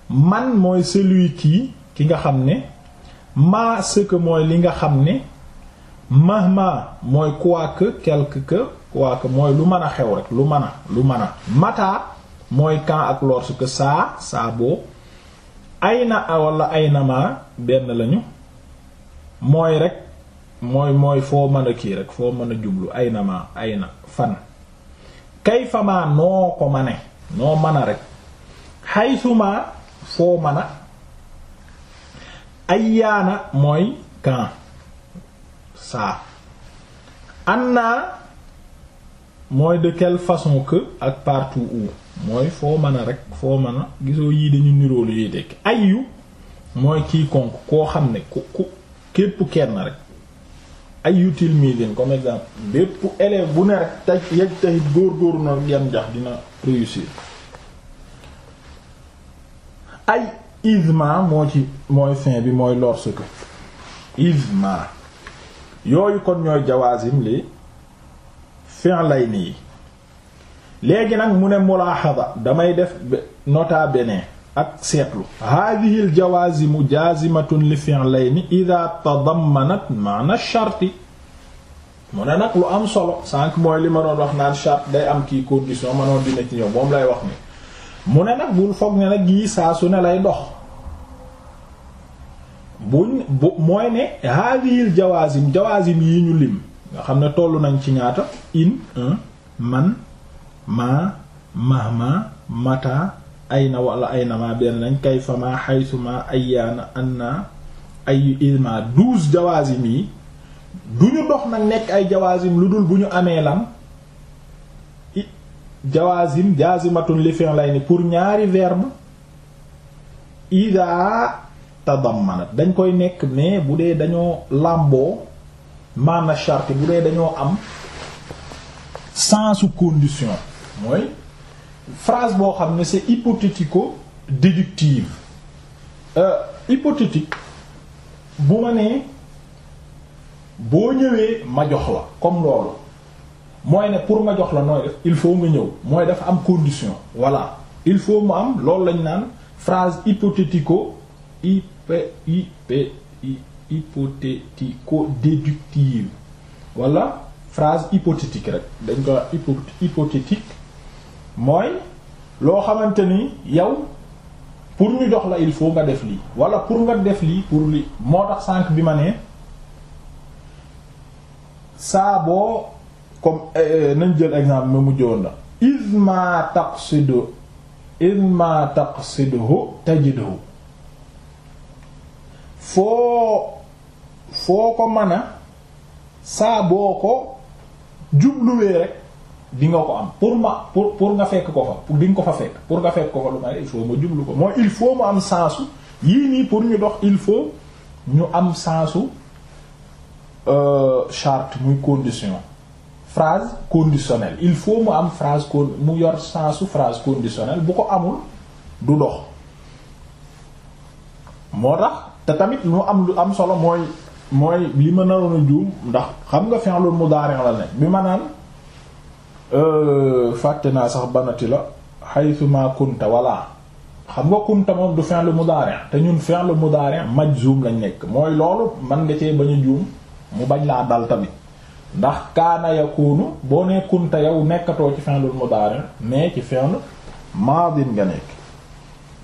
man mooy celui qui ki nga xam ne ma ce mooy li nga xam ne mahma mooy quoi que quelque que mooy lu mën a xew rek lu mën a lu mën a mata mooy kan ak lorsque saa saa boo ay ayna a wala aynama benn lañu mooy rek mooy mooy foo mën kii rek foo mën a jublu ay na fan kayfama noo ko mane noo ma a rek xaysuma foo ay a ayyaana mooy kan saa anna mooy de quelle façon que ak partout où mooy foo mën a rek foo mën a gisoo yii dañu niroo lu yuy tekki ayyu mooy quiconque koo xam ne ku ku képp kenn rek ayyu tilmidin comme exemple bépp élève bu ne rek taj yaj taxit góor-góoru na yan jax dina réussir ay isma moo ci mooy fin bi mooy lorsque isma yooyu kon ñooy jawaasim li fin lay nii léegi nag mu ne mulaaxada damay def nota bene ak seetlu haadihi l jawaasimu jaasimatun li fi'layni ida tadammanat maana sharti mu ne nag lu am solo sànq mooy li ma doon wax naan charte day am kii condition ma noon dina ci ñëw moom lay wax ni mu ne nag bul foog ne nag yii saa su ne lay dox bu mooy ne haadihil jawaazim jawaazim yi ñu lim nga xam ne toll nañ ci ñaata in man maa mahma mata ayna wala ayna ma benn lañ kayfa ma ay ma ayyaana anna ay ilma douze jawaazim yi du ñu dox nag nekk ay jawaazim lu dul bu ñu amee lan jawaazim jaazimatun li fi'layni pour ñaari verbe ida tadammanat dañ koy nekk mais bu dee dañoo làmboo maana charte bu dee dañoo am sensu condition mooy phrase boo xam ne c'est hypothético-déductive euh, hypothétique bu ma nee boo ñëwee ma jox la comme loolu mooy ne pour ma jox la nooy def il faut nga ñëw mooy dafa am condition voilà il faut mu am loolu lañ naan phrase i ip ip hypothético-déductive wala voilà, phrase hypothétique rek dañ ko hypothétique mooy loo xamante ni yow pour ñu jox la il faut nga def lii wala pour nga def lii pour li moo tax sànq bi ma ne saa boo comme euh, nañ jël exemple ma mujjoon la isma taqsidu isma taqsiduhu tajiduhu foo foo ko mën a saa boo ko jubluwee rek di nga ko am pour ma pour pour nga fekk ko fa pour di ko fa fekk pour nga fekk ko fa lu may il faut ma jublu ko moo il faut mu am sensu yii nii pour ñu dox il faut ñu am sensu euh, chart muy condition phrase conditionnelle il faut mu am phrase con mu yor sensu phrase conditionnelle bu ko amul du dox moo tax te tamit lu am lu am solo mooy mooy li ma naroon a juum ndax xam nga fi'lul mudaari' la ne bi ma naan Euh, fàtte naa sax banati la haythuma kunta walla xam nga kunta moom du fi'l mudari' te ñun fi'l mudari' majzum lañ nekk mooy loolu man nga cee bañ a juum mu bañ laa dal tamit ndax kaana yakunu boo ne kunta yow nekkatoo ci fi'l mudari' mais ci fi'l maadin nga nekk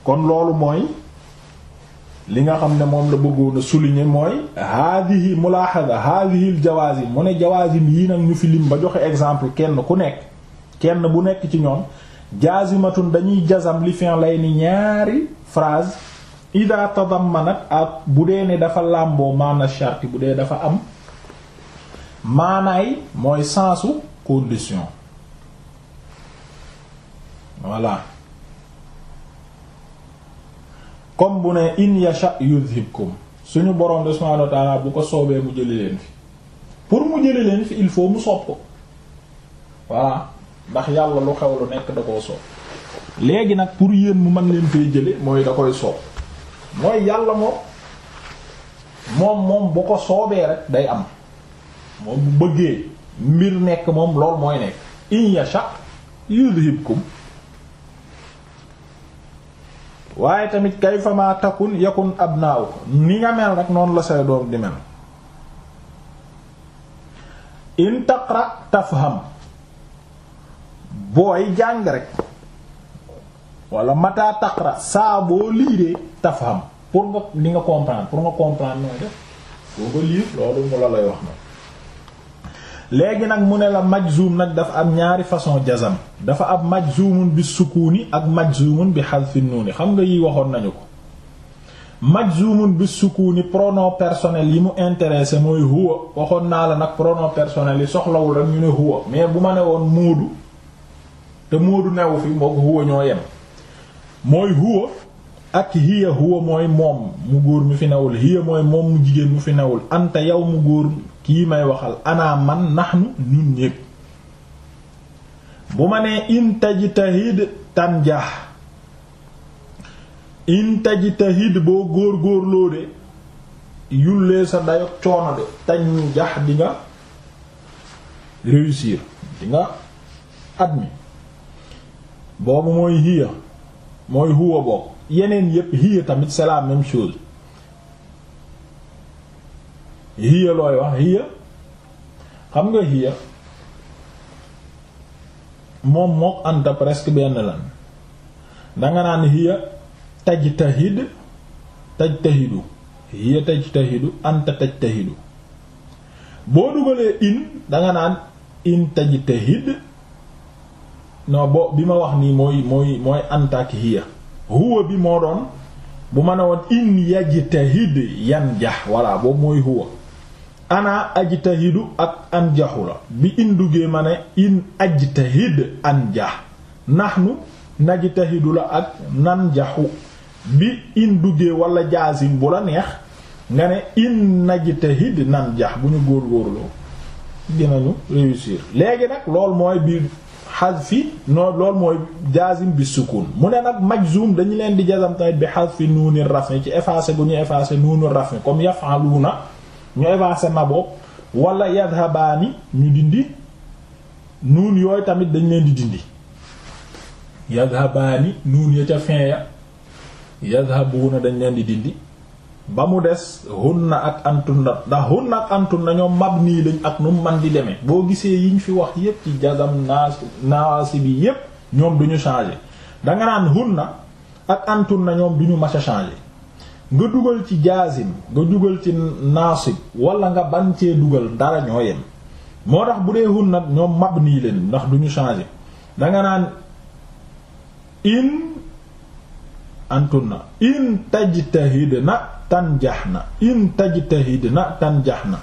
kon loolu mooy li nga xam ne moom la bëggoon a souligner mooy haadihi mulaaxada haadihil jawaazim mu ne jawaazim yii nag ñu fi lim ba joxe exemple kenn ku nekk kenn bu nekk ci ñoom jaazimatun dañuy jazam li lay ni ñaari phrase ida tadammanat ak bu dee ne dafa làmboo maana sharti bu dee dafa am maanaay mooy sensu condition voilà comme bu ne in yasha yudhibkum suñu borom de subhanahu wa ta'ala bu ko soobee mu jëli leen fi pour mu jëli leen fi il faut mu soob ko voilà ndax yàlla lu xew lu nekk da koo soob léegi nag pour yéen mu man leen fee jële mooy da koy soob mooy yàlla moom moom moom bu ko soobee rek day am moom bu bëggee mbir nekk moom lool mooy nekk in yasha yudhibkum waaye tamit kayfa ma takun yakun abnauk ni nga mel rek noonu la say doom di mel in taqra tafham booy jàng rek wala mata taqra saa boo liiree tafham pour nga li nga comprendre pour nga comprendre nooy def boo ko liir loolu mu la lay wax na léegi nag mu ne la majzum nag dafa am ñaari façon jazam dafa am majzumun bi sukuuni ak majzumun bi xadfi nuuni xam nga yi waxoon nañu ko majzumun bi sukuuni pronom personnel yi mu intéressé mooy huwa waxoon naa la nag pronom personnel yi soxlawul rek ñu ne huwa mais bu ma ne woon moodu te moodu newu fi mook huwa ñoo yem mooy huwa ak hiya huwa mooy moom mu góor mu fi nawul hiya mooy moom mu jigéen mu fi newul anta yow mu góor kii may waxal ana man nahnu ñun ñépp bu ma nee in tajtahid tanjah in tajtahid boo góor góorloo de yullee sa dayok coono de tañ jax di nga réussir di nga admi boobu mooy hiya mooy huwa bokk yeneen yépp hiya tamit c'est la hiya looy wax hiya xam nga hiya moom mook anta presque benn lan danga naan hiya tajtahid tajtahidu hiya tajtahidu anta tajtahidu boo dugalee in danga naan in tajtahid non bo bi ma wax nii mooy mooy anta ak hiya huwa bi moo doon bu ma ne woon in yajtahid yanjah walla boobu mooy huwa anaa ana ajtahidu ak anjaxu la bi indugee ma ne in ajtahid anjax nahnu najtahidu la ak nanjaxu bi in indugee wala jaazim bu la neex nga ne in najtahid nanjax bu ñu góor góorgóorloo dinañu réussir léegi nag lool mooy bi xasfi noonu loolu mooy jaazim bi sukun mu ne nag majzum dañu leen di jazam tamit bi xasfi nuuni rafni ci effacé bu ñu effacé nuunu rafni comme na ñu effacé ma boobu wala yadhabaani ñu dindi nuun yooyu tamit dañ leen di dindi yadhabaani nuun ya ca fin ya yadhabuuna dañ leen di dindi ba mu des hunna ak antunna ndax hunna ak antunna ñoom mab nii lañ ak nu man di demee boo gisee yiñ fi wax yépp ci jazam naas naasi bi yépp ñoom duñu changer danga naan hunna ak antunna ñoom duñu mas a changer nga dugal ci jaazim nga dugal ci naasib wala nga ban cee dugal dara ñoo yem moo tax bu dee hunna ñoom mab nii leen ndax duñu changer danga naan in antunna in tajtahidna tanjahna in tajtahidna tanjahna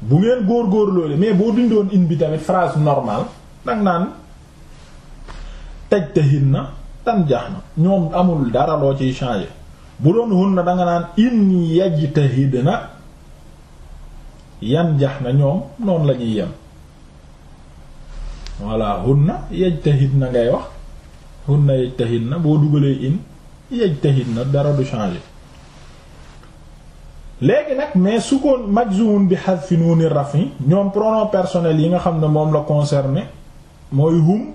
bu ngeen góor-góor loole mais boo dindoon in bi tamit phrase normal danga naan tajtahidna tanjahna ñoom amul dara loo ciy changer bu doon hunna danga naan in yajtahidna yan jax na ñoom noonu la ñuy yem walla hunna na ngay wax hunna yajtahidna boo dugalee in yajtahidna dara du changer léegi nag mais su ko majzumun bi hadfi nuuni rafi ñoom pronom personnel yi nga xam ne moom la concerné mooy hum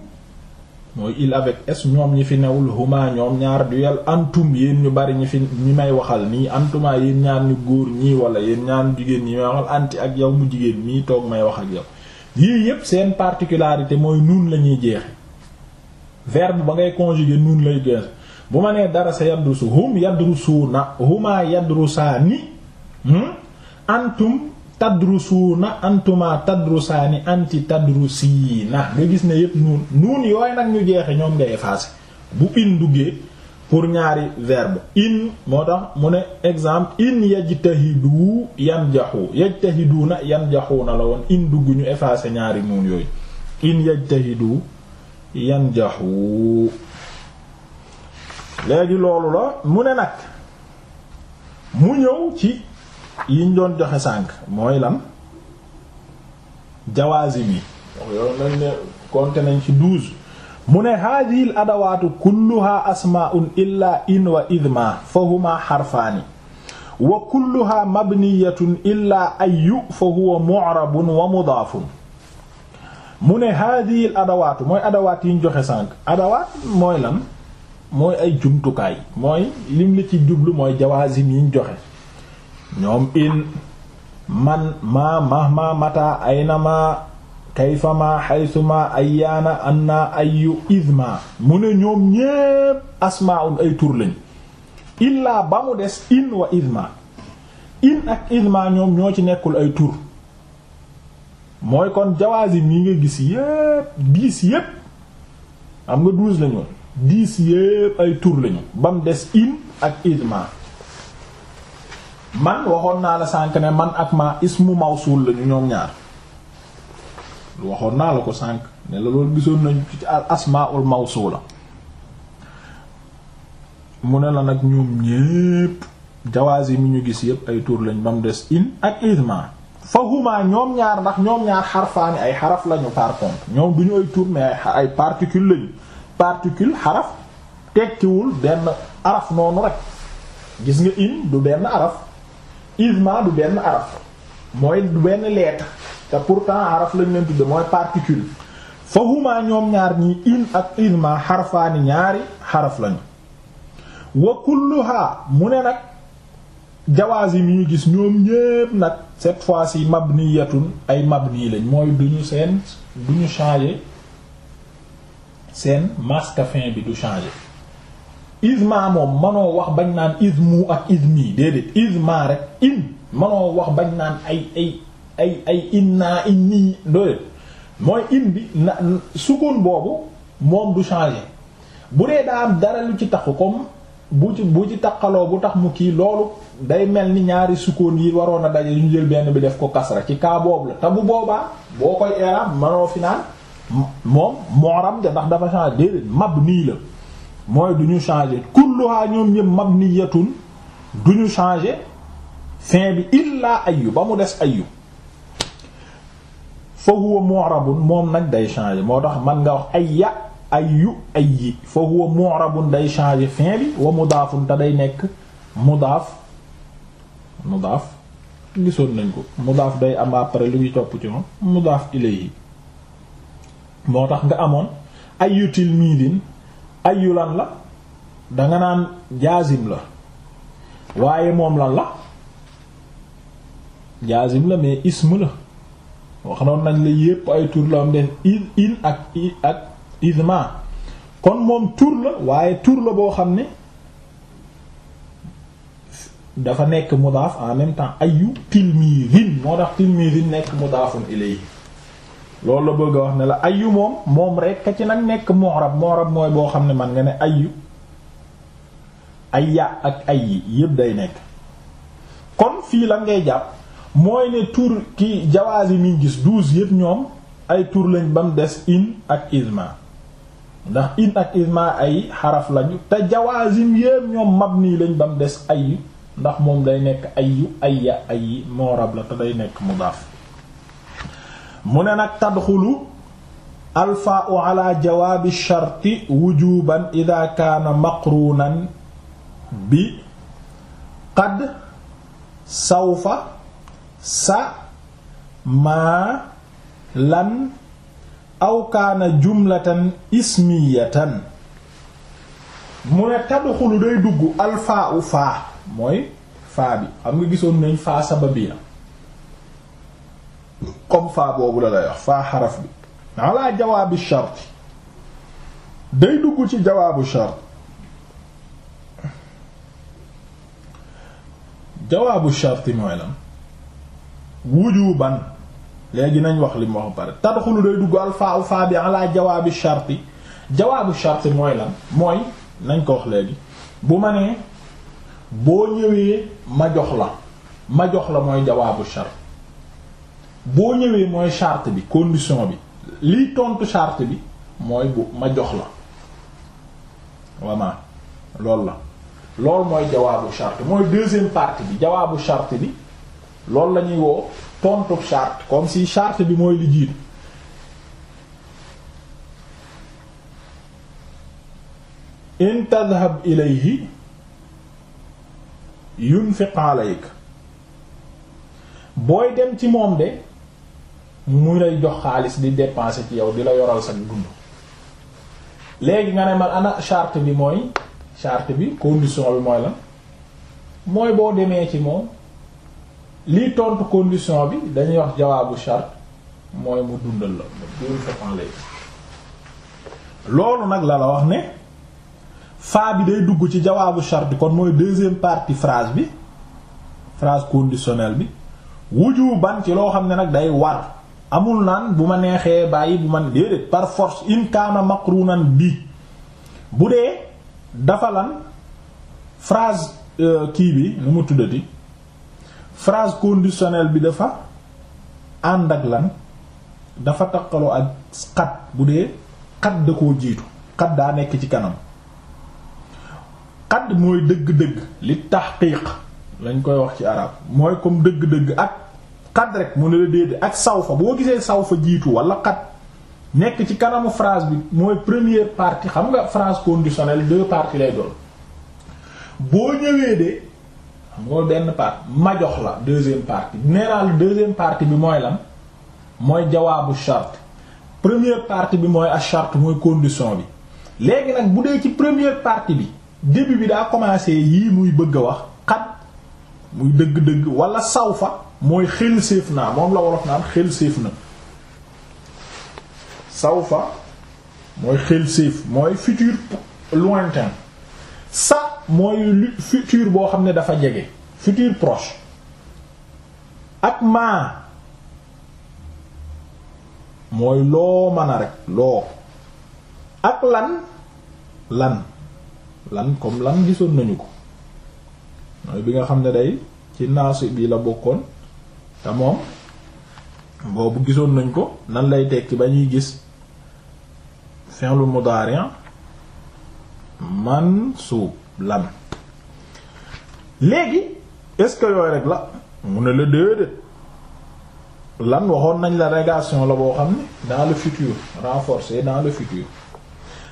mooy il avec s ñoom ñi fi newul huma ñoom ñaar duyal antum yéen ñu bari ñi fi ñi may waxal nii antuma yéen ñaar ñu góor ñii wala yéen ñaar ñu jigéen ñi may waxal anti ak yow mu jigéen ñii toog may wax ak yow yii yépp seen particularité mooy nuun la ñuy jeexe verbe ba ngay conjuguer nuun lay jeex bu ma nee dara sa yadrusu hum yadrusuuna huma yadrusaani hmm? antum tadrusuuna antuma tadrusaani anti tadrusiina nga gis na yépp nuun nuun yooyu nag ñu jeexe ñoom ngay effacé bu in duggee pour ñaari verbe in moo tax mu ne exemple in yajtahidu yanjahu yajtahiduuna yanjahuuna la léegi loolu la mu ne nag mu ñëw ci yiñ doon joxe sànq mooy lan jawaazim yi yooyu nañ ci douze mu ne haadihi l adawaatu kulluha asmaun illa in wa idma fa huma xarfaani wa kulluha mabniyatun illa ayyu fa huwa mu'rabun wa mudaafun mu ne haadihi l adawaatu mooy adawaat yiñ joxe sànq adawaat mooy lan mooy ay jumtukaay mooy lim li ci jublu mooy jawaazim yiñ joxe ñoom in man ma mahma mata ay kayfama xaysuma ayyaana anna ayyu izma mu ne ñoom ñépp asmaun ay tur lañ illaa ba mu des in wa izma in ak izma ñoom ñoo ci nekkul ay tur mooy kon jawaazim yi nga gis yépp dix yépp am nga douze lañu woon yépp ay tur lañu ba mu des in ak izma man waxoon naa la sànq ne man ak ma ismu mawsul lañu ñoom ñaar waxoon naa la ko sànq ne la loolu gisoon nañu ci asmaul mawsula mu ne la nag ñoom ñépp jawaasi mi ñu gis yëpp ay tour lañ ba mu des in ak isma fa huma ñoom ñaar ndax ñoom ñaar xarfaani ay xaraf lañu par contre ñoom duñu ay tur mais ay particule lañu particule xaraf tekkiwul benn araf noonu rek gis nga in du benn araf isma du benn araf mooy du benn lettre te pourtant araf lañ leen tudde mooy particule fa ñoom ñaar ñi in ak isma xarfaani ñaari xaraf lañu wa kulluha mu ne nag mi ñu gis ñoom ñépp nag cette fois-ci mabniyatun ay mabni lañ mooy duñu seen duñu changer seen masque fin bi du changer isma moom manoo wax bañ naan ismu ak ismi déedéet isma rek in manoo wax bañ naan ay ay ay ay inna inni doyét mooy in bi na sukun boobu moom du changer bu dee daa am dara lu ci taxu ko bu ci bu ci taqaloo bu tax mu kii loolu day mel ni ñaari sukkoon yi waroon a daje yu ñu jël benn bi def ko kasra ci kaa boobu la te bu boobaa boo koy eraam manoo fi naan moom mooram de ndax dafa changé déedéet mab nii la mooy du ñu changer kulluha ñoom ñëpp mabniyatun du ñu changer fin bi illaa ayyu ba mu des ayyu fa huwa mu'rabun moom nag day changer moo tax man nga wax ayya ayyu ayyi fa huwa mu'rabun day changer fin bi wa mudaafun te day nekk mudaaf mudaaf gisoon nañ ko mudaaf day am après lu ñu topp ci moom mudaaf ilayhi moo tax nga amoon ayyu tilmiidin ayu lan la danga naan jaazim la waaye moom lan la jaazim la mais ism la wax noon la yépp ay tur la am def il ak i ak idma kon moom tur la waaye tuur la boo xam ne dafa nekk mudaaf en même temps ayu tilmizin moo tax tilmizin nekk mudaafun ilayhi loolu la bëgg a wax ne la ayu moom moom rek ka ci nag nekk mu'rab mu'rab mooy boo xam ne man nga ne ayu ayya ak ayyi yépp day nekk kon fii la ngay jàpp mooy ne tur ki jawaaz yi miy gis douze yëpp ñoom ay tur lañ ba mu des in ak isma ndax in ak isma ay xaraf lañu te jawaazim yëpp ñoom nii lañ ba mu des ayyu ndax moom day nekk ayyu ay ayyi mu'rab la te day nekk mudaaf mu ne nag tadxulu alfaau ala jawaabi sharti wujuban ida kaana maqrunan bi qad sawfa sa maa lan aw kaana jumlatan ismiyatan mu ne tadxulu day dugg alfaa u faa mooy faa bi xam nga gisoon nañ faa sababiya comme faa boobu la lay wax faa xaraf bi ala jawaabi shart day dugg ci jawaabu shart jawaabu shart mooy lan wujuban léegi nañ wax li mu wax dugg al faa bi ala jawaabi shart jawaabu shart mooy nañ ko wax léegi bu ma nee boo ñëwee ma jox la ma jox la mooy jawaabu shart boo ñëwee mooy chart bi condition bi liy tontu charte bi mooy bu ma jox la voilà loolu la loolu mooy jawaabu charte mooy deuxième partie bi jawaabu chart bi loolu lañuy ñuy woo tontu charte comme si charte bi mooy li jiitu in tadhab ilayhi yunfiq alayk booy dem ci moom de mu lay jox xaalis di dépenser ci yow di la yoral sa dund léegi nga ne man ana charte bi mooy charte bi condition bi mooy lan mooy boo demee ci moom lii tontu condition bi dañuy wax jawaabu chart mooy mu dundal la dund fa lay loolu nag la la wax ne faa bi day dugg ci jawaabu charte kon mooy deuxième partie phrase bi phrase conditionnelle bi wujuban ci loo xam ne nag day war amul naan bu ma neexee bàyyi bu ma déedéet par force in kaana maqrunan bi bu dee dafa lan phrase euh, kii bi nu mu tuddati phrase conditionnelle bi dafa ànd ak lan dafa taqaloo ak xat bu dee xat da koo jiitu xat daa nekk ci kanam xat mooy dëgg-dëgg li tahqiq lañ koy wax ci arab mooy comme dëgg-dëgg ak xat rek mu ne la déedéet ak saw fa boo gisee saw fa jiitu wala xat nekk ci kanamu phrase bi mooy première partie xam nga france conditionnelle deux parties lay doon boo ñëwee de xam nga benn part ma jox la deuxième partie neeraal deuxième partie bi mooy lan mooy jawaabu chart première partie bi mooy ak charte mooy condition bi léegi nag bu dee ci première partie bi début bi daa commencé yii muy bëgg a wax xat muy dëgg-dëgg wala saw fa mooy xel séef naa moom la wolof naan xel séef na sawfa mooy xel séef mooy futur lointain sa mooy futur boo xam ne dafa jege futur proche ak maa mooy loo mën a rek loo ak lan lan lan comme lan gisoon nañu ko mooy bi nga xam ne day ci naasi bii la bokkoon te moom boobu gisoon nañ ko nan lay tekki ba ñuy gis fi'lu man mansub lan léegi est-ce que yooyu rek la mu ne la déedéet lan waxoon nañ la régation la boo xam ne dans le futur renforcé dans le futur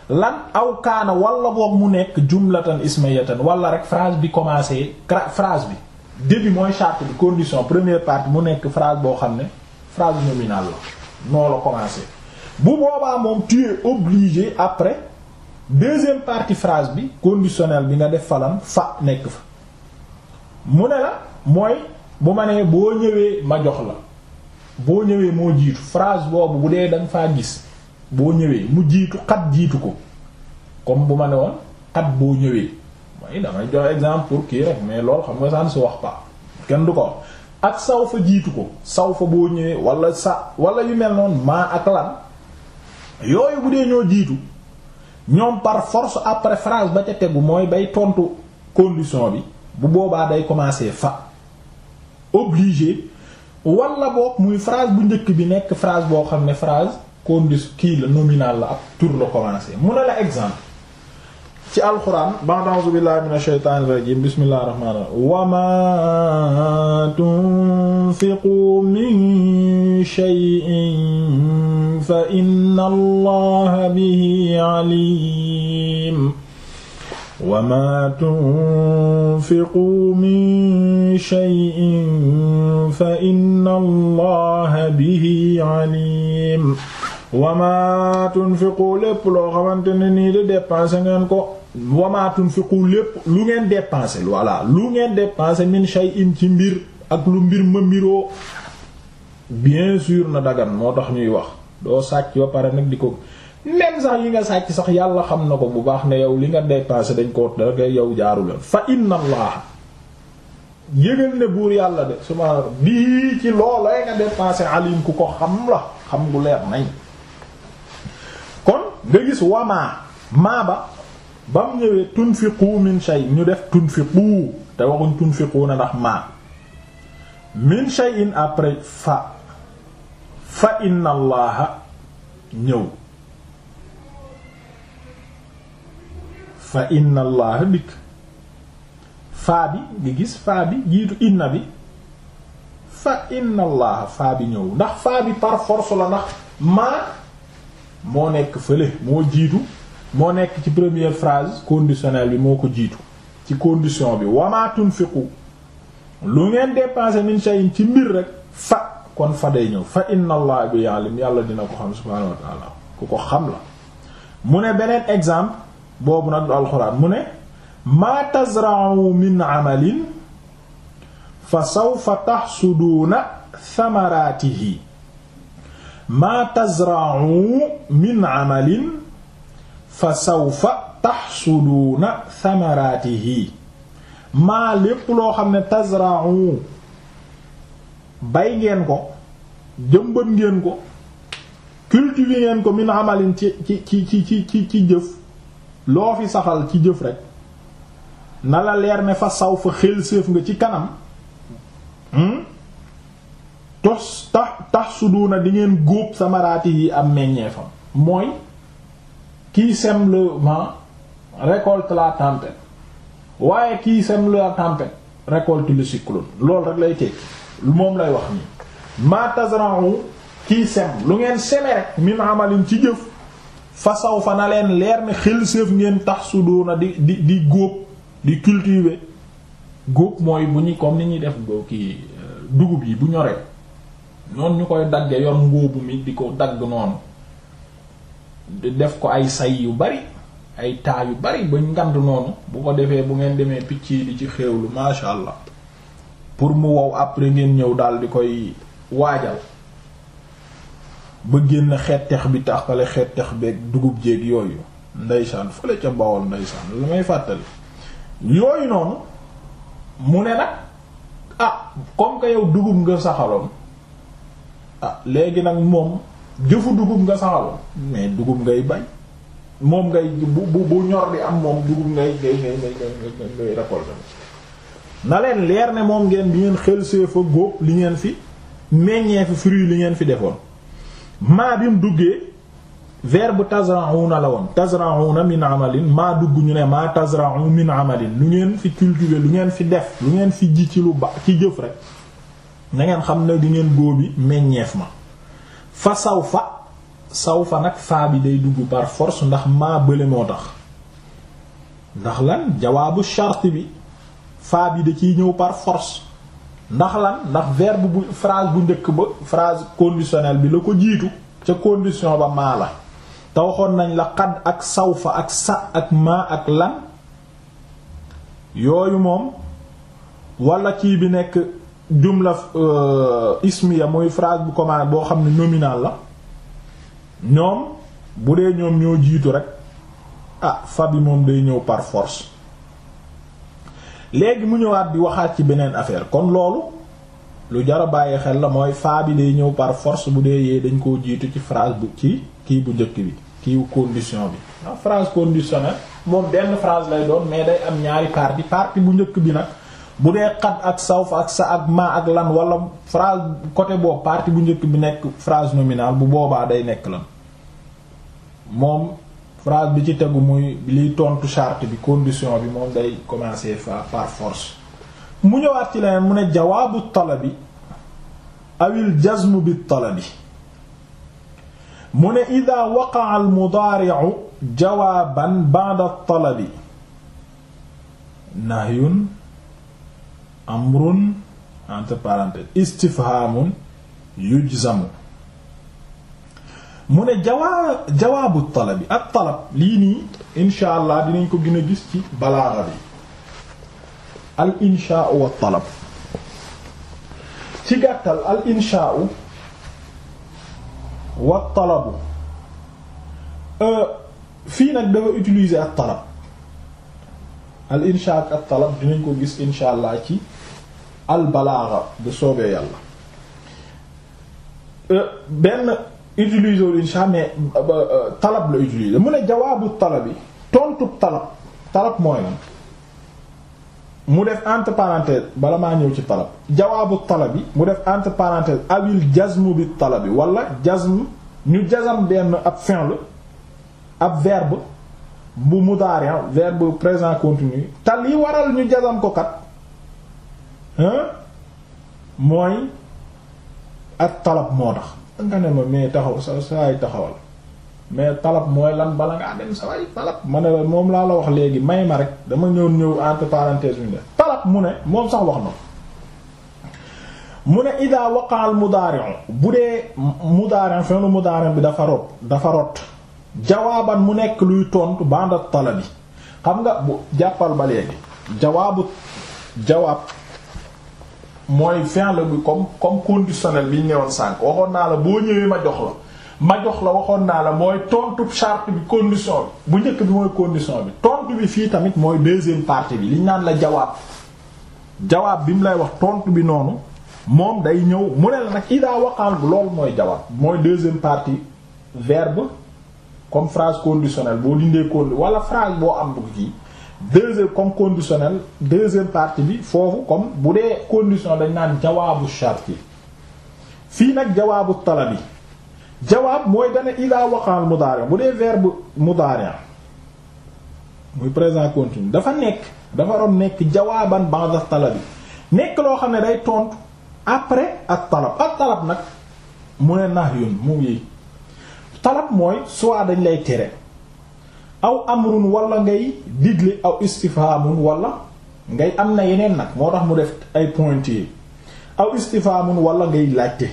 lan aw kaana wala boog mu nekk jumlatan ismiyatan wala rek phrase bi commencé phrase bi début mooy charte bi condition première partie mu nekk phrase boo xam ne phrase nominale la noo la commencé bu boobaa moom tu es obligé après deuxième partie frase bi conditionnel bi nga def falam fa nekk fa mu ne la mooy bu ma nee boo ñëwee ma jox la boo ñëwee moo jiitu frase boobu bu dee da nga faa gis boo ñëwee mu jiitu xat jiitu ko comme bu ma ne woon xat boo ñëwee mooy damay joxe exemple pour kii rek mais lool xam nga saan si wax pa kenn du ko wax ak saw fa jiitu ko saw fa boo ñëwee walla sa wala yu mel noonu maa ak lan yooyu bu dee ñoo jiitu ñoom par force après phrase ba ca tegu mooy bay tontu condition bi bu boobaa day commencer fa obligé wala boog muy phrase bu njëkk bi nekk phrase boo xam ne phrase condition kii la nominal la ab tur la commencer mu ne la exemple ci alxuraan ba'd a'uuzu billaahi mina shaytaani rajiim bismillaahi rahmaani rahiim wa maa tunfiquu min shay'in fa inna Allaaha bihi aliim wa maa tunfiquu min shay'in fa inna Allaaha bihi aliim wa maa tunfiquu lépp loo xamante ne nii de dépensé ngeen ko fi tunfiqu lépp lu ngeen dépensé voilà lu ngeen dépensé min shay'in ci mbir ak lu mbir ma mbiroo bien sûr na dagan moo tax ñuy wax doo sàcc ba pare nag di ko même sax yi nga sàcc sax yàlla xam na ko bu baax ne yow li nga dépensé dañ ko da nga yow jaaru la fa inna allah yëgal ne buur yàlla de suma bii ci loolee nga dépensé alim ku ko xam la xam gu leer nañ kon nga gis wamaa maaba ba mu ñëwee tunfiqu min ñu def tunfiqu te waxuñ tunfiqu na ndax maa min shay'in après fa fa inna allaha ñëw fa inna allaha dikk faa bi gis faa jiitu inna bi fa inna allaha faa ñëw ndax faa par force la ndax maa moo nekk fële moo jiitu moo nekk ci première phrase conditionnel bi moo ko jiitu ci condition bi wama tunfiqu lu ngeen dépenser min shay'in ci mbir rek fa kon fa day ñëw fa inna allah bi ya'lam yàlla dina ko xam subhaanahu wa ta'ala ku ko xam la mu ne beneen exemple boobu nag du alxuraan mu ne maa tazra'u min amalin fa sawfa tahsuduuna thamaraatihi maa tazra'u min amalin fa sawfa taxsuduuna thamaraatihi maa lépp loo xam ne tazra'u bay ngeen ko jëmbët ngeen ko cultivé ngeen ko min amalin ci ci ci ci jëf loo fi saxal ci jëf rek na leer ne fa saw fa xel séef nga ci kanam hmm? tos tax tax su duuna di ngeen góob samaraati yi am meññeefam mooy qui sème le vent récolte la tempête waaye qui sème la tempête récolte lu cyclone lool rek lay tekki moom lay wax nii ma tazra'u qui lu ngeen seme rek min amalin ci jëf fasaw fa na leen leer ne xel séef ngeen tax su na di di di góob di cultiver góob mooy bu ñu comme ni ñuy def góob kii euh, dugub yi bu ñoree noonu ñu koy dagge yor ngóobu mi di ko dagg noonu def ko ay say yu bari ay taa yu bari bañ ngand noonu bu ko defee bu ngeen demee picc yi di ci xéewlu masha allah pour mu wow après ngeen ñëw daal di koy waajal ba génn xettex bi taxale xettex beeg dugub jéeg yooyu ndeysaan fële ca bawol ndeysaan la may fàttali yooyu noonu mu ne nag ah comme que yow dugub nga saxaloon ah léegi nag moom jëfu dugub nga saxaloon mais dugub ngay bañ moom ngay bu bu ñor bi am moom dugub ngay ngay ngay ngay ngay ngay récolter na leen leer ne moom ngeen bi ngeen xel seefa góob li ngeen fi meññeefi fi fruit li ngeen fi defoon maa bi mu duggee verbe tazra'una la woon tazra'una min amalin maa dugg ñu ne maa tazra'u min amalin lu ngeen fi cultiver lu ngeen fi def lu ngeen fi ji ci lu ba ci jëf rek na ngeen xam ne di ngeen góobi meññeef ma fa saw fa saw fa nag faa bi day dugg par ndax maa bële moo tax ndax lan jawaabu chart bi faa yi da ciy ñëw par force ndax lan ndax verbe bu phrase bu njëkk ba phrase conditionnelle bi la ko jiitu ca condition ba maa la tawaxoon nañ la xad ak saw fa ak sa ak maa ak lan yooyu moom wala kii bi nekk jumla euh, ismiya mooy phrase bu commande boo xam ne nominal la ñoom bu dee ñoom ñoo jiitu rek ah fa bi moom day ñëw par force léegi mu ñëwaat bi waxaat ci beneen affaire kon loolu lu jara bàyyi xel la mooy faa bi day ñëw par force bu dee yee dañ koo jiitu ci phrase bu ci kii bu njëkk bi kii condition bi ah phrase conditionnelle moom benn phrase lay doon mais day am ñaari parties partie bu njëkk bi nag bu dee xad ak sawf ak sa ak ma ak lan wala phrase côté boobu partie bu njëkk bi nekk phrase nominale bu boobaa day nekk lan moom phrase bi ci tegu muy liy tontu charte bi condition bi moom day commencer fa par force mu ñëwaat ci leneen mu ne jawaabu talabi awil jazmu bi talabi mu ne ida waqaa al mudaari'u jawaaban ba'da talabi nahyun amrun entre parenthèses mu ne jawaa jawaabu talabi ak talab lii nii insha allah dinañ ko gën a gis ci balaaxa bi al inshaau wa talab ci gàttal al inshaau wa talabu euh, fii nag dafa utiliser ak talab al insha ak talab dinañ ko gis insha allah ci albalaaxa bu soobee yàlla euh, benn utiliser wu insha mais euh, talab la utiliser mu ne jawaabu talabi tontu talab talab mooy lan mu def entre parenthèse bala maa ñëw ci talab jawaabu talabi mu def entre parenthèse awil jazmu bi talabi wala jazm ñu jazam benn ab fi'l ab verbe bu mu mudaari verbe présent continu te yi waral ñu jazam ko kat mooy ak talab moo tax nga ne ma mais taxaw sa saay taxawal mais talab mooy lan bala ngaa dem sa talab ma ne moom laa la wax léegi may ma rek dama ñëw ñëw entre parenthèses ñu talab mu ne moom sax wax na mu ne ida waqaal mudaari'u bu dee mudaari' feenu mudaari' bi dafa rot dafa rot jawaaban mu nekk luy tontu banda talabi xam nga bu jàppal ba léegi jawaabu jawaab mooy fin la bi comme comme conditionnel bi ñu newoon waxoon naa la boo ñëwee ma jox la ma jox la waxoon naa la mooy tontu charte bi condition bi bu njëkk bi mooy condition bi tontu bi fii tamit mooy deuxième partie bi liñ naan la jawaab jawaab bi mu lay wax tontu bi noonu moom day ñëw mu ne la nag idaa waqal loolu mooy jawaab mooy deuxième partie verbe comme phrase conditionnel boo dindee condi wala phrase boo am bu kii deuxième comme conditionnel deuxième partie bi foofu comme bu dee condition dañ naan jawaabu sharti fii nag jawaabu talabi jawaab mooy dana ida waqal mudaari bu dee verbe mudaari muy présent continu dafa nekk dafa ron nekk jawaaban ba'da talabi nekk loo xam ne day tontu après ak talab ak talab nag mu ne nahyun mu ngi talab mooy soit dañ lay tere aw amrun wala ngay digle aw istifhamun walla ngay am na yeneen nag moo tax mu def ay yi aw istifhamun wala ngay laajte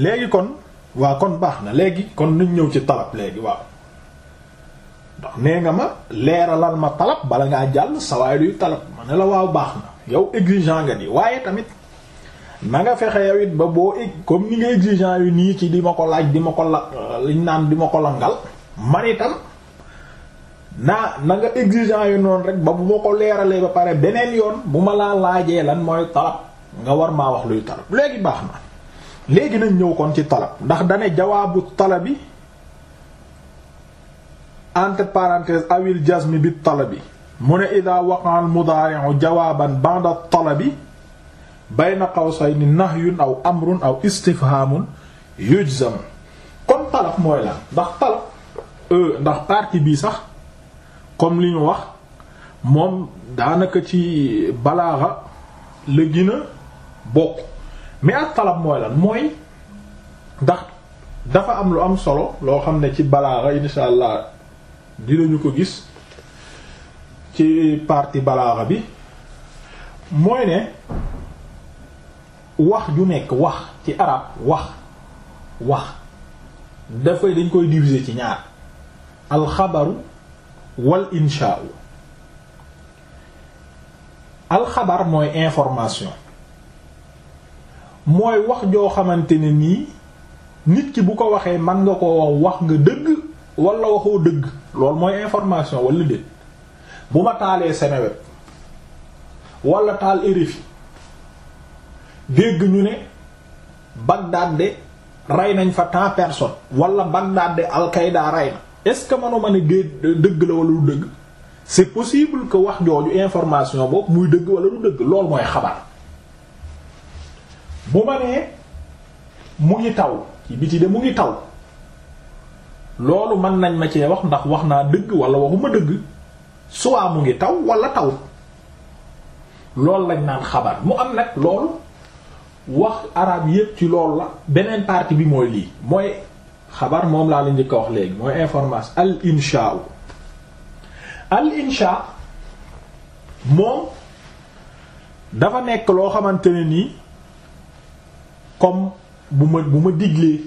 léegi kon waa kon baax na léegi kon nañ ñëw ci talab léegi waaw ndax nee nga ma leeralal ma talab bala ngaa jàll sawaay luy talab ma ne la waaw baax na yow exigeant nga di waaye tamit na nga fexe yow it ba boo eg comme ni nga exigeant yu nii ci di ma ko laaj di ma ko la euh, naan di ma ko langal man naa na nga exigeant yu noonu rek ba bu ma ko leeralee ba pare beneen yoon bu ma laa laajee lan mooy talab nga war maa wax luy talab léegi baax na léegi nañ ñëw kon ci talab ndax dane jawaabu talabi entre parenthèses awil jazmi bi talabi mu ne ida waqa al mudaari'u jawaaban ba'da talabi bayna qawsayni nahyun aw amrun aw istifhamun yujzam kon talab mooy la ndax talab euh, ndax partie bii sax comme li ñu wax moom daanaka ci balaaxa la gën a bokk mais ak talab mooy lan mooy ndax dafa am lu am solo loo xam ne ci balaaxa insha allah dinañu ko gis ci partie balaaxa bi mooy ne wax ju nekk wax ci arab wax wax dafay dañ koy diviser ci ñaar alxabaru wal inshaau alxabar mooy information mooy wax joo xamante ne nii nit ki bu ko waxee man nga ko wax nga dëgg wala waxoo dëgg loolu mooy information wala déet bu ma taalee Seneweb wala taal RFI dégg ñu ne Bagdad de rey nañ fa tant person walla Bagdad de al rey na est-ce que manuma ne géej dëgg la wala du dëgg c'est possible que wax jooju information boobu muy dëgg wala du dëgg loolu mooy xabaar bu ma nee mu ngi taw ci biti de mu ngi taw loolu mën nañ ma cee wax ndax wax naa dëgg wala waxuma dëgg soit mu ngi taw walla taw loolu lañ naan xabaar mu am nag loolu wax arab yépp ci loolu la beneen partie bi mooy lii mooy xabar moom laa la njëkk a wax léegi mooy information al insha al insha moom dafa nekk loo xamante ne nii comme bu ma bu ma diglee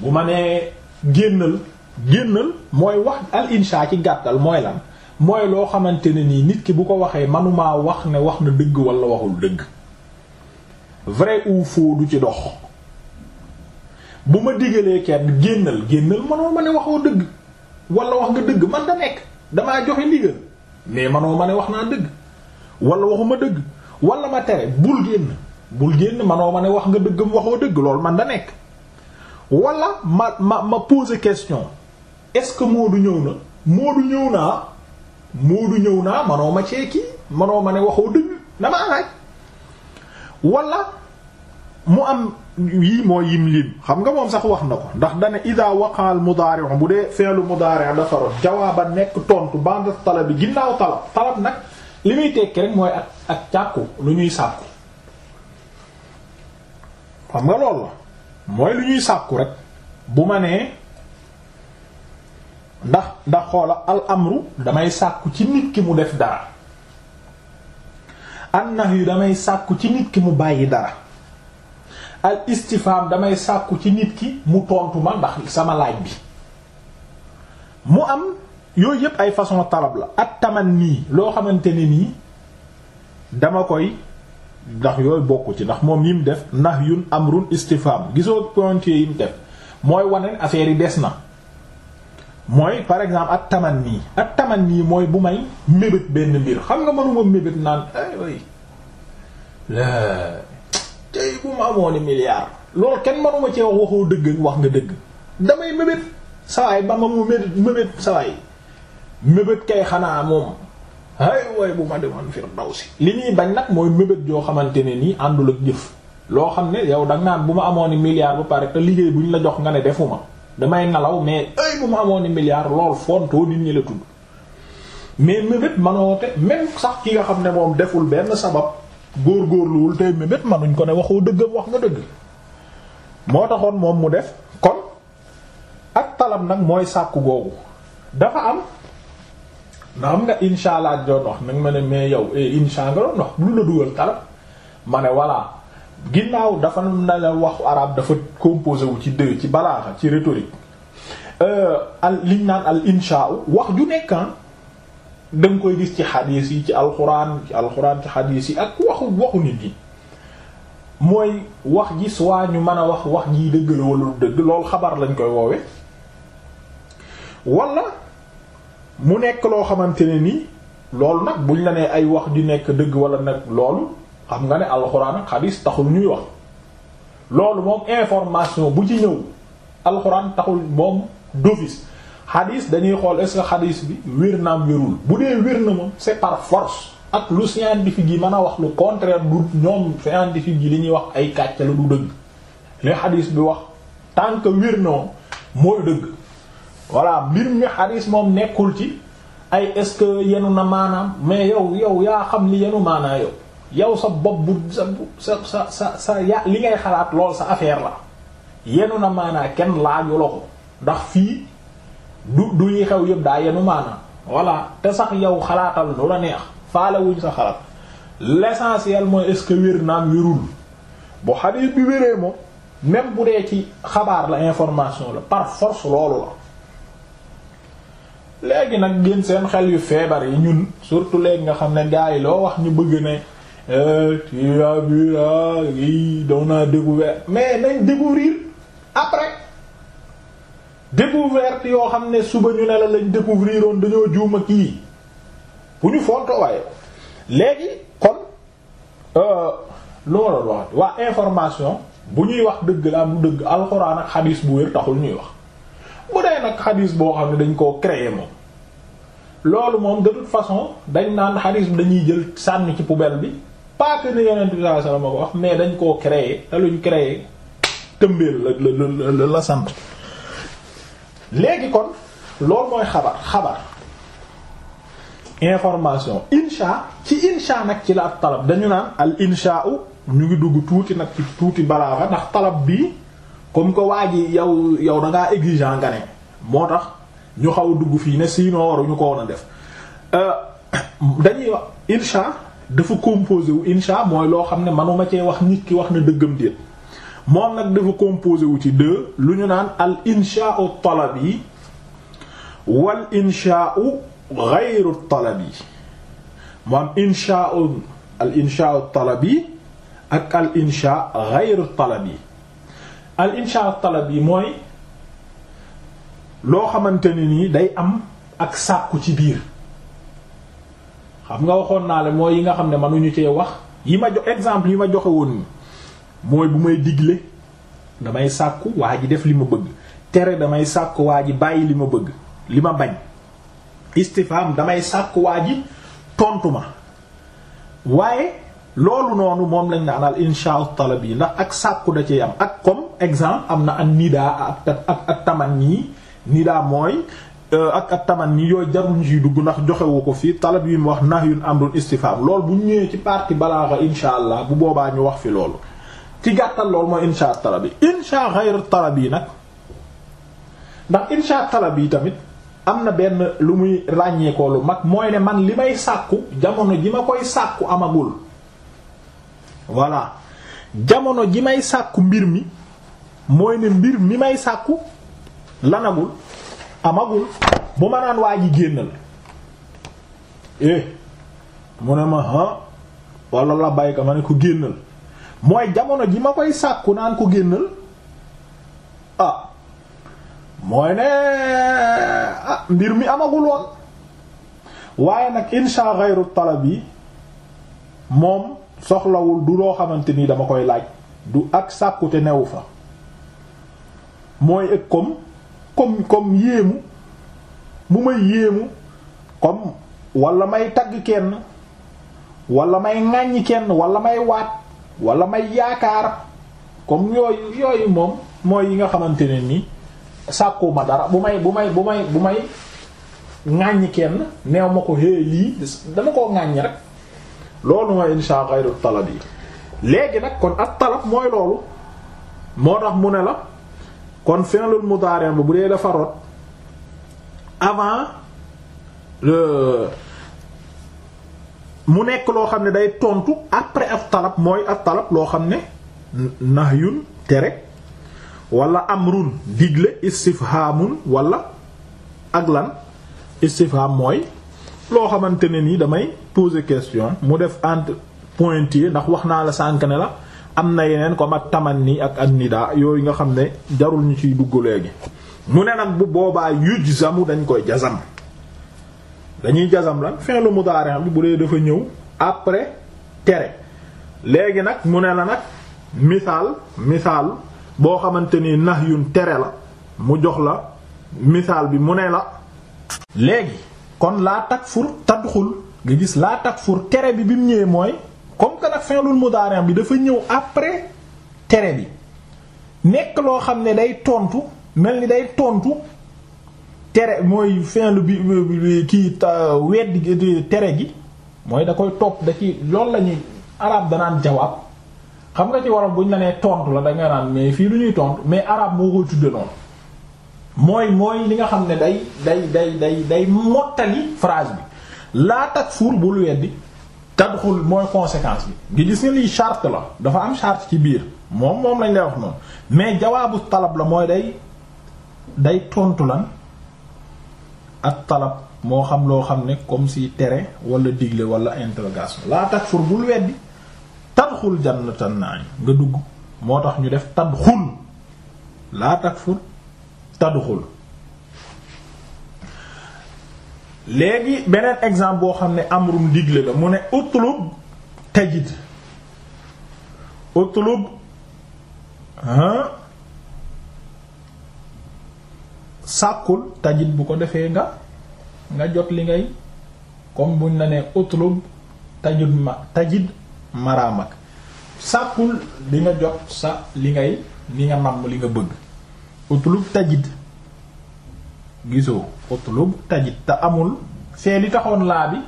bu ma nee génnal génnal mooy wax al insha ci gàttal mooy lan mooy loo xamante ne nii nit ki bu ko waxee manumaa wax ne wax na dëgg wala waxul dëgg vrai ou faux ci dox bu ma digalee kenn génnal génnal manoo ma ne waxoo dëgg wala wax nga dëgg man da nekk damaa joxe ndigal mais manoo ma ne wax naa dëgg wala waxuma dëgg wala ma tere bul génn bul génn manoo ma ne wax nga dëggam waxoo dëgg loolu man da nekk wala ma ma ma poser question est-ce que Moodu ñëw na Moodu ñëw naa Moodu ñëw naa manoo ma cee kii manoo ma ne waxoo dëgg damaa laaj wala mu am yii mooy yim lim xam nga moom sax wax na ko ndax dana ida waqa al mudaari' bu dee fi'lu mudaari' dafa rot jawaaba nekk tontu banda talab bi ginnaaw talab talab nag li muy tekki rek mooy ak càkku lu ñuy sàkku xam nga loolu la mooy lu ñuy sàkku rek bu ma nee ndax ndax xoola al amru damay sàkku ci nit ki mu def dara an nahyu damay sàkku ci nit ki mu bàyyi dara al istifham damay sàkku ci nit ki mu tontu ma ndax sama laaj bi mu am yooyu yëpp ay façon talab la at taman tamanni loo xamante ne nii dama koy ndax yooyu bokku ci ndax moom yi mu def ndax yun amrun istifham gisoo pointier yi mu def mooy wane affaire yi des na mooy par exemple at tamanni at tamanni mooy bu may mébét benn mbir xam nga mënuma mébét naan ay way tey bu amoon i loolu kenn manuma cee wax waxoo dëgg wax nga dëgg damay mébét sawaay ba ma mu mébét sawaay mébét kay xanaa moom ay way bu ma demoon firdawsi li ñuy bañ nag mooy mébét joo xamante ne nii àndul jëf loo xam ne yow danga naan bu ma amoon i ba pare te liggéey bu ñu la jox nga ne defuma damay nalaw mais bu ma amoon i milliard lool fontoo nit la tudd mais mébét manoo te même sax ki nga xam ne moom deful benn sabab góor góorgóorluwul tey mébét manuñ ko ne waxoo dëggam wax nga dëgg moo taxoon moom mu def kon ak talam nag mooy sàkku googu dafa am na am nga insha Allah doon wax nag ma ne mais yow eh, insha nga doon wax lu la dugal talam ma ne voilà ginnaaw dafa na wax araab dafa composé wu ci deux ci balaaxa ci rhétorique euh, al liñ naan al insha wax ju nekkan ah, da koy gis ci xadiis yi ci alxuraan ci alxuraan ci xadiis yi ak waxu waxu nit yi mooy wax ji soit ñu mën a wax wax ji dëgg la dëgg loolu xabar lañ koy woowe wala mu nekk loo xamante ne nii loolu nag buñ la ay wax di nekk dëgg wala nag loolu xam nga ne alxuraan ak xadiis taxul ñuy wax loolu moom information bu ci ñëw alxuraan taxul moom d'office xadis dañuy xool est-ce bi wér naam wérul bu dee wér na moom c'est par force ak lu scientifique yi mën a wax lu contraire bu ñoom scientifique yi li ñuy wax ay kàcc la du dëgg li xadis bi wax tant que wér na moom mooy dëgg voilà mbir mi xadis moom nekkul ci ay est-ce que yenu na maanaam mais yow yow yaa xam ni yenu maanaa yow yow sa bopp bu sa sa sa sa ya li ngay xalaat lool sa affaire la yenu na maanaa kenn laaju la ko ndax fii du du yi xew yëpp daa yenu maanaam voilà te sax yow xalaatal lu la neex faalewuñ sa xalaat l'essentiel mooy est-ce que wér naam wérul bu xadiis bi wéree moom même bu dee ci xabaar la information la par force loolu la léegi nag gën seen xel yu feebar yi ñun surtout léegi nga xam ne gars loo wax ñu bëgg ne eh, tu as vu yi ah, doon naa découvert mais nañ découvrir après découverte yoo xam ne suba ñu ne la lañ découvrir woon dañoo juuma kii bu ñu fonto waaye léegi kon loolu la wax waa information bu ñuy wax dëgg la am dëgg alxuraan ak xadiis bu wér taxul ñuy wax bu dee nag xadiis boo xam ne dañ koo créer moom loolu moom de toute façon dañ naan xadiis bi dañuy jël sànni ci poubelle bi pas que ne yonent bi ko wax mais dañ koo créer te luñ créer tëmbeel la la la sant léegi kon loolu mooy xabar xabar information insha ci insha nag ci la ak talab dañu naan al insha u ñu ngi dugg tuuti nag ci tuuti balaaxa ndax talab bii comme que waa ji yow yow da ngaa exigeant nga ne moo tax ñu xaw a dugg fii ne sinon waruñu ko woon a def euh, dañuy wax insha dafa composé wu insha mooy loo xam ne manuma cee wax nit ki wax na dëggam déet moom nag dafa composé wu ci deux lu ñu naan al inchaau talabi wal inchaau gayru talabi mu am inchaau al inchaau talabi ak al incha gayru talabi al incha talabi mooy loo xamante ni nii day am ak sàkku ci biir xam nga waxoon naa la mooy yi nga xam ne mënuñu cee wax yi ma jox exemple yi ma joxe woon mooy bu may digle damay sàkku waa ji def li ma bëgg tere damay sàkku waa ji bàyyi li ma bëgg li ma bañ istifham damay sàkku waa ji tontu ma waaye loolu noonu moom lañ naan al insha talab yi ndax ak sàkku da ci am ak comme exemple am na an nidaa ak taman tamanni nidaa mooy euh, ak ak tamanni yooyu jarul ñu ciy dugg ndax joxewu ko fii talab yi mu wax nahyun amrun istifham lool bu ñu ñëwee ci partie balaaxa insha allah bu boobaa ñu wax fi loolu ci gàttal loolu mooy insha talabi insha ghayr talabi nag ndax insha talabi tamit am na benn lu muy ràññeekoo lu mag mooy ne man li may sàkku jamono ji ma koy sàkku amagul voilà jamono ji may sàkku mbir mi mooy ne mbir mi may sàkku lanagul amagul bu ma naan waa ji génnal eh mu ne ma ha wala la bàyyi ko ma ne ko génnal mooy jamono ji ma koy sàkku naan ko génnal ah mooy ne ah mbir mi amagul woon waaye nag insha ghayru talab yi moom soxlawul du loo xamante ni dama koy laaj du ak sàkkute newu fa mooy ëg comme comme comme yéemu mu may yéemu comme wala may tagg kenn wala may ŋàññi kenn walla may waat wala may yaakaar comme yooyu yooyu moom mooy yi nga xamante ne nii sàkku ma dara bu may bu may bu may bu may ŋàññi kenn neew ma ko hee lii dama koo ŋàññi rek loolu mooy insha xayru talab yi léegi nag kon ak talab mooy loolu moo tax mu ne la kon fi'lul mudari' bu dee dafa rot avant mu nekk loo xam ne day tontu après ab talab mooy ab talab loo xam ne nahyun tere wala amrun digle istifhamun wala ak lan istifham mooy loo xamante ne nii damay poser question mu def entre pointillé ndax wax naa la sànk ne la am na yeneen comme ak tamanni ak annida yooyu nga xam ne jarul ñu ciy dugg léegi mu ne nag bu boobaa yujzamu dañ koy jazam dañuy jazam lan fi'lu mudaari' bi bu dee dafa ñëw après tere léegi nag mu ne la nag misaal misaal boo xamante ni yuñ tere la mu jox la misaal bi mu ne la léegi kon laa fur tadxul nga gis laa takfur tere bi bi mu ñëwee mooy comme que nag fi'lul mudaari' bi dafa ñëw après tere bi nekk loo xam ne day tontu mel ni day tontu tere mooy fin lu bi kii weddi tere gi mooy da koy topp da ci loolu la ñuy arab danaan jawaab xam nga ci waral buñ la nee tontu la da nga naan mais fii lu ñuy tontu mais arab moo koy tudde noonu mooy mooy li nga xam ne day day day day day mottali phrase bi laa takfur bul weddi tadxul mooy conséquence bi nga di nga lii charte la dafa am charte ci biir moom moom lañ lay wax noonu mais jawaabu talab la mooy day day tontu lan ak talab moo xam loo xam ne comme si tere wala digle wala interrogation laa takfur bul weddi tadxul jannatan na'im nga dugg moo tax ñu def tadxul laa takfur tadxul léegi beneen exemple boo xam ne amrum digle la mu ne utlub tajid utlub ha sàkkul tajit bu ko defee nga nga jot li ngay comme buñ la nee utlub tajid ma tajid maraamak sàkkul di nga jot sa li ngay li nga namm li nga bëgg utlub tajid gisoo utlub tajid te amul fee li taxoon laa bi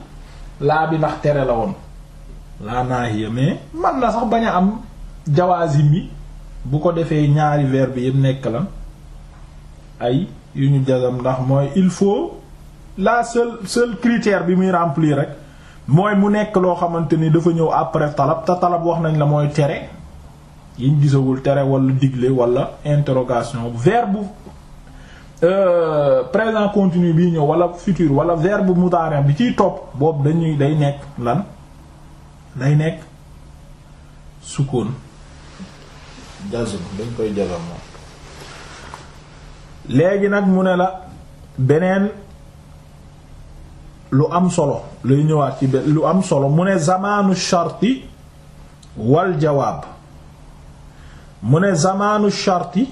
laa bi ndax tere la woon laa naahiya mais man na sax bañ a am jawaazim yi bu ko defee ñaari verbe yëpp nekk la ay yu ñu jazam ndax mooy il faut la seule seul critère bi muy remplier rek mooy mu nekk loo xamante ni dafa ñëw après talab te talab wax nañ la mooy tere yiñ gisagul tere wala digle wala interrogation verbe euh, présent continu bi ñëw wala futur wala verbe mudari bi ciy topp boobu dañuy day nekk lan day nekk sukkoon jazm dañ koy jazam moom léegi nag mu ne la beneen lu am solo lay ñëwaat ci benn lu am solo mu ne zamaanu sharti wal jawaab mu ne zamaanu sharti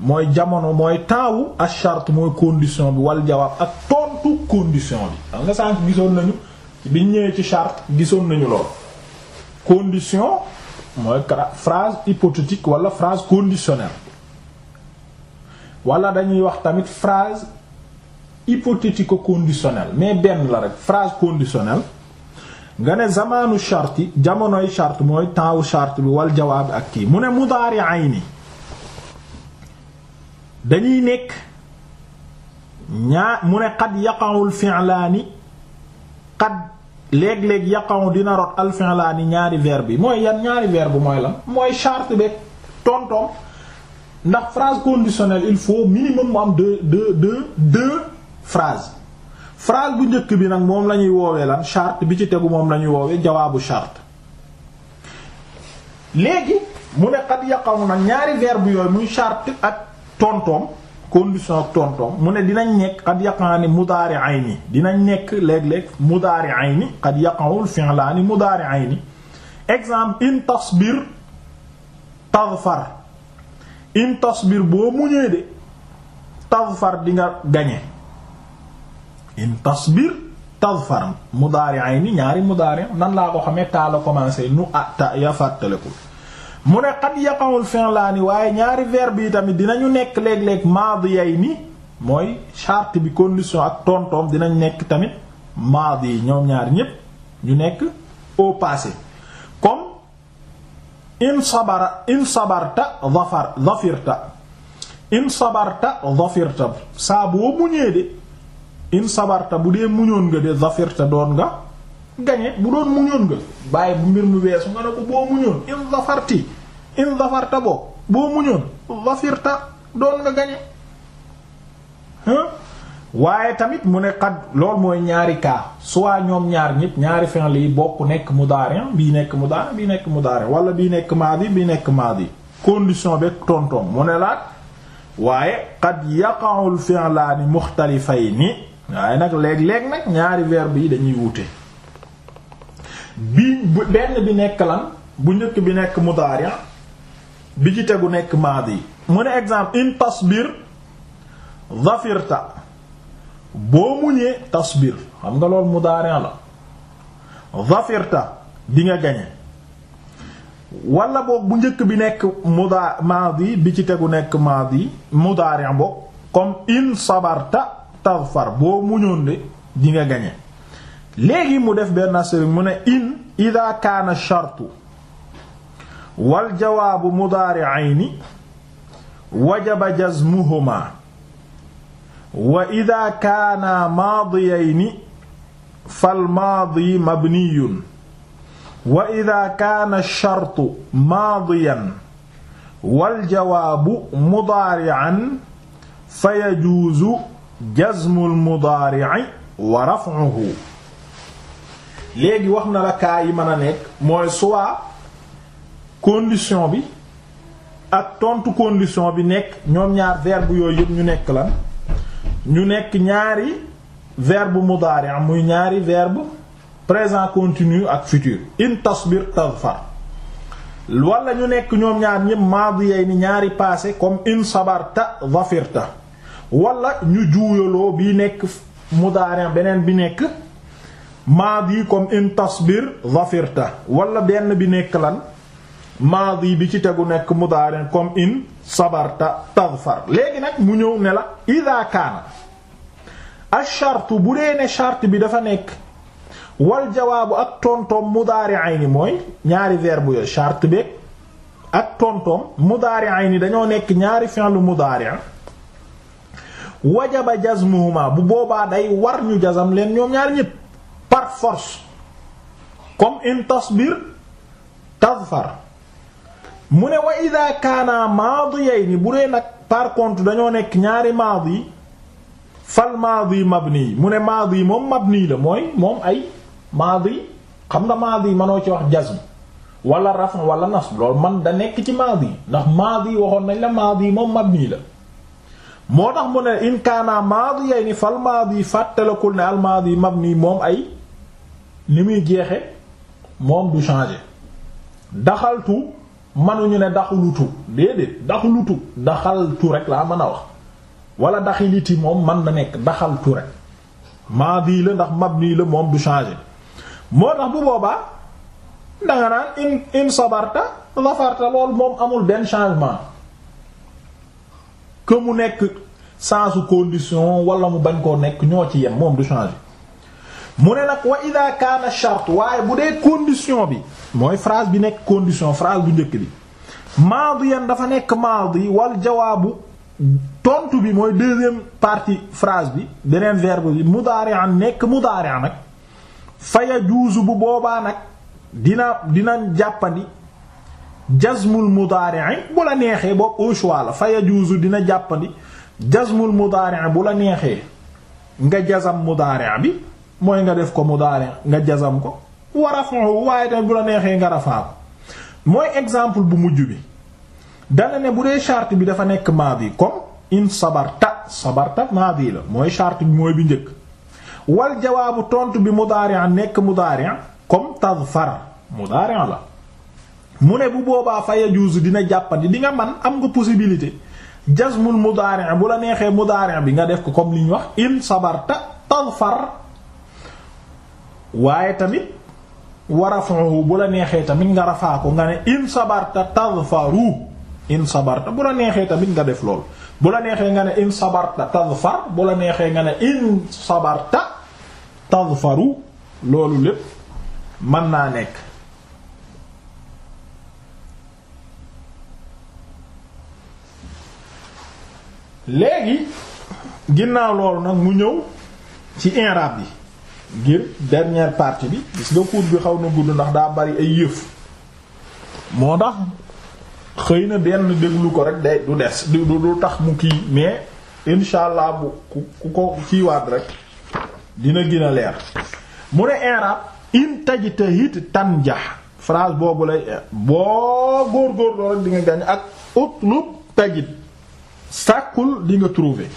mooy jamono mooy taawu ak shart mooy condition bi wal jawaab ak tontu condition bi xam nga sànq gisoon nañu biñ ñëwee ci charte gisoon nañu lool condition mooy phrase hypothétique wala phrase conditionnelle wala dañuy wax tamit phrase hypothético-conditionnelle mais benn la rek phrase conditionnelle nga ne zamaanu charte jamonoy charte mooy temps wu charte bi wal jawaab ak kii mu ne mudaari ayni dañuy nekk ñaa mu ne xad yaqawul fi'laani xad léeg-léeg yaqawu dina rot al fi'laani ñaari verbe bi mooy yan ñaari verbe bi mooy lan mooy charte beeg tontoom ndax phrase conditionnelle il faut minimum mu am deux deux deux deux phrases phrase bu njëkk bi nag moom lañuy woowee lan charte bi ci tegu moom la ñuy woowee jawaabu chart léegi mu ne xat yaqamu nag ñaari verbe yooyu muy charte ak tontoom condition ak tontoom mu ne dinañ nekk xat yaqaani mudaari ayni dinañ nekk léeg-léeg mudaari ayni xat yaqawul fi'laani mudaari ayni exemple in tasbir tadfar in tasbir boo muñee de tazfar di nga gañe in tasbir tazfar mudaari'ay ni ñaari mudaari' nan laa ko xamee taa la commencé nu ata ah, ya fàttaleku mu ne qad yaqa'u al ni waaye ñaari verbe yi tamit dinañu nekk léeg-léeg yay ni mooy chart bi condition ak tontoom dinañ nekk tamit maadi yi ñoom ñaar ñépp ñu nekk au passé in sabara in sabarta zafar zafirta in sabarta zafirta saa boo muñee de in sabarta bu dee muñoon nga de zafirta doon nga gañe bu doon muñoon nga bàyyi bu mbir mu weesu nga ne ko boo muñoon in zafarti in zafarta boo boo muñoon zafirta doon nga gañe hein waaye tamit mu ne xad loolu mooy ñaari cas soit ñoom ñaar ñëpp ñaari fi'l yi bokk nekk mudaari ah bii nekk mudaari ah bii nekk mudaari wala bii nekk maadi bi nekk maadi condition be tontom mu ne laat waaye xad yaqa'u al fi'laani mukhtalifayni waaye nag léeg-léeg nag ñaari verbe yi dañuy wuute bii benn bi nekk lan bu njëkk bi nekk mudaari ah bi ci tegu nekk maadi mu ne exemple in tasbir dhafirta boo muñee tasbir xam nga lool mudaari la zafirta di gañe wala boog bu njëkk bi nekk muda maadi bi ci tegu nekk maadi mudaari boog comme in sabarta tazfar boo muñoon di nga gañe léegi mu def benn astérisque mu ne in ida kaana shartu wal jawaabu mudaari'ayni wajaba jazmuhuma wa ida kaana maadiyayni fal maadi mabniyun wa ida kaana shartu maadiyan wal jawaabu mudaari'an fa yajuuzu jazmul mudaari'i wa raf'uhu léegi wax na la kaa yi mën a nekk mooy soit condition bi ak tontu condition bi nekk ñoom ñaar verbe yooyu yëpp ñu nekk lan ñu nekk ñaari verbe mudaari muy ñaari verbe présent continu ak futur in tasbir tazfar wala ñu nekk ñoom ñaar ñépp maadiyay ni ñaari passé comme in sabarta zafirta wala ñu juuyaloo bi nekk mudaari beneen bi nekk yi comme in tasbir zafirta wala benn bi nekk lan maadi bi ci tegu nekk mudaarin comme in sabarta tadfar léegi nag mu ñëw ne la ida kaana ash-shartu bu dee ne charte bi dafa nekk wal jawaabu ak tontoom mudaari'ayni mooy ñaari verbe yo charte beeg ak tontoom mudaari'ayni dañoo nekk ñaari fi'lu mudaari' wajaba jazmuhuma bu boobaa day war ñu jazam leen ñoom ñaar ñépp par force comme in tasbir tadfar mu ne wa ida kaana maadiyayni bu dee nag par contre dañoo nekk ñaari yi fal maadi mabni mu ne yi moom mab mabni la mooy moom ay maadi xam nga maadi mënoo ci wax jazm wala raf wala nasb loolu man da nekk ci maadi ndax maadi waxoon nañ la maadi moom mabni la moo tax mu ne in kaana maadiyayni fal maadi fàttalakul ne al maadi mabni moom ay ni muy jeexe moom du changer daxaltu manuñu ne daxulutu déedéet daxulutu daxaltu rek laa mën a wax wala daxiliti moom man na nekk daxaltu rek maadi la ndax mabni la moom du changer moo tax bu boobaa danga naan in in sabarta zafarta loolu moom amul benn changement que mu nekk sensu condition wala mu bañ koo nekk ñoo ci yem moom du changer mu ne nag wa ida kaana waaye bu dee condition bi mooy phrase bi nekk condition phrase bu njëkk bi maadiyan dafa nekk maadi wal jawaabu tontu bi mooy deuxième partie phrase bi beneen verbe bi mudaari'an nekk mudaari'an nag faya juuzu bu boobaa nag dina dina jàppandi jazmul mudaari'i bu la neexee boobu au choix faya juuzu dina jàppandi jasmul mudaari'i bu la neexee nga jazam mudaari'a bi mooy nga def ko mudaari'a nga jasam ko war a waaye tamit bu la neexee nga rafaa mooy exemple bu mujj bi dana ne bu dee charte bi dafa nekk maadi comme in sabarta sabarta maadi la mooy charte bi mooy bi njëkk wal jawaabu tontu bi mudaari' nekk mudaari' comme tadfar mudaari' la mu ne bu boobaa fa yajuuzu dina jàppandi di nga man am nga possibilité jazmul mudaari' bu la neexee mudaari' bi nga def ko comme li ñu wax in ta sabarta tadfar waaye tamit wa rafahu bu la neexee tamit nga rafaa ko nga ne in sabarta tadfaru in bu la neexee tamit nga def lool bu la neexee nga ne in sabarta tadfar bu la neexee nga ne in sabarta tadfaru loolu lépp mën naa nekk léegi ginnaaw loolu nag mu ñëw ci inrab bi ngir dernière partie bi gis nga cours bi xaw na gudd ndax daa bari ay yëf moo tax xëy na benn déglu ko rek day du des du du tax mu kii mais incha allah bu ku ko kiiwaat rek dina gën a leer mu ne i'rab in tajtahid tanjah phrase boobu lay boo góorgóorloo rek di nga gàñ ak utlub tajid sàkkul di nga trouver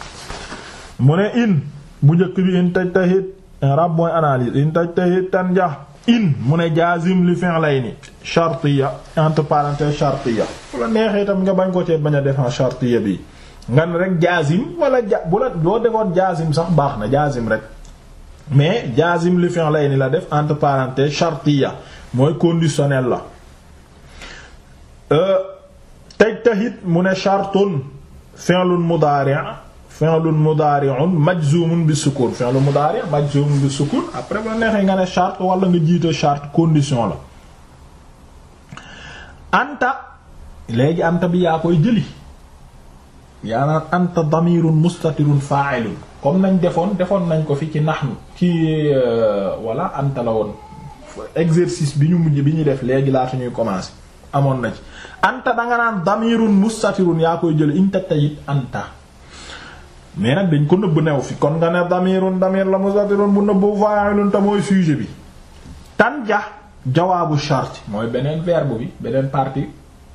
mu ne in bu njëkk bi in tajtahid i'rab eh, mooy analyse in tajtahid tanjah in mu ne jaazim li fi'layni shartiya entre parenthèses shartiya bu la neexee tam nga bañ ko cee bañ a defan shartiya bi nga ne rek jaazim wala ja bu la boo defoon jaazim sax baax na jaazim rek mais jaazim li ni la def entre parenthèses shartiya mooy conditionnel la eh, tajtahid mu ne shartun fi'lun mudari' fi'lun mudaari'un majzumun bi sukun fi'lun mudaari' majzumun bi sukun après ba neexee nga ne charte wala nga jiitoo charte condition la anta léegi anta bi yaa koy jëli yaa naan anta damirun mustatirun fa'ilun comme nañ defoon defoon nañ ko fi ci nahnu ci wala euh, anta woon exercice bi ñu mujj bi ñu def léegi laata ñuy amoon na ci anta danga naan damirun mustatirun yaa koy jëli inta tayit anta mais dañ ko nëbb new fi kon nga ne damirun damir la muzatirun bu nëbb fa'ilun te mooy sujet bi tanja jawaabu shart mooy beneen verbe bi beneen partie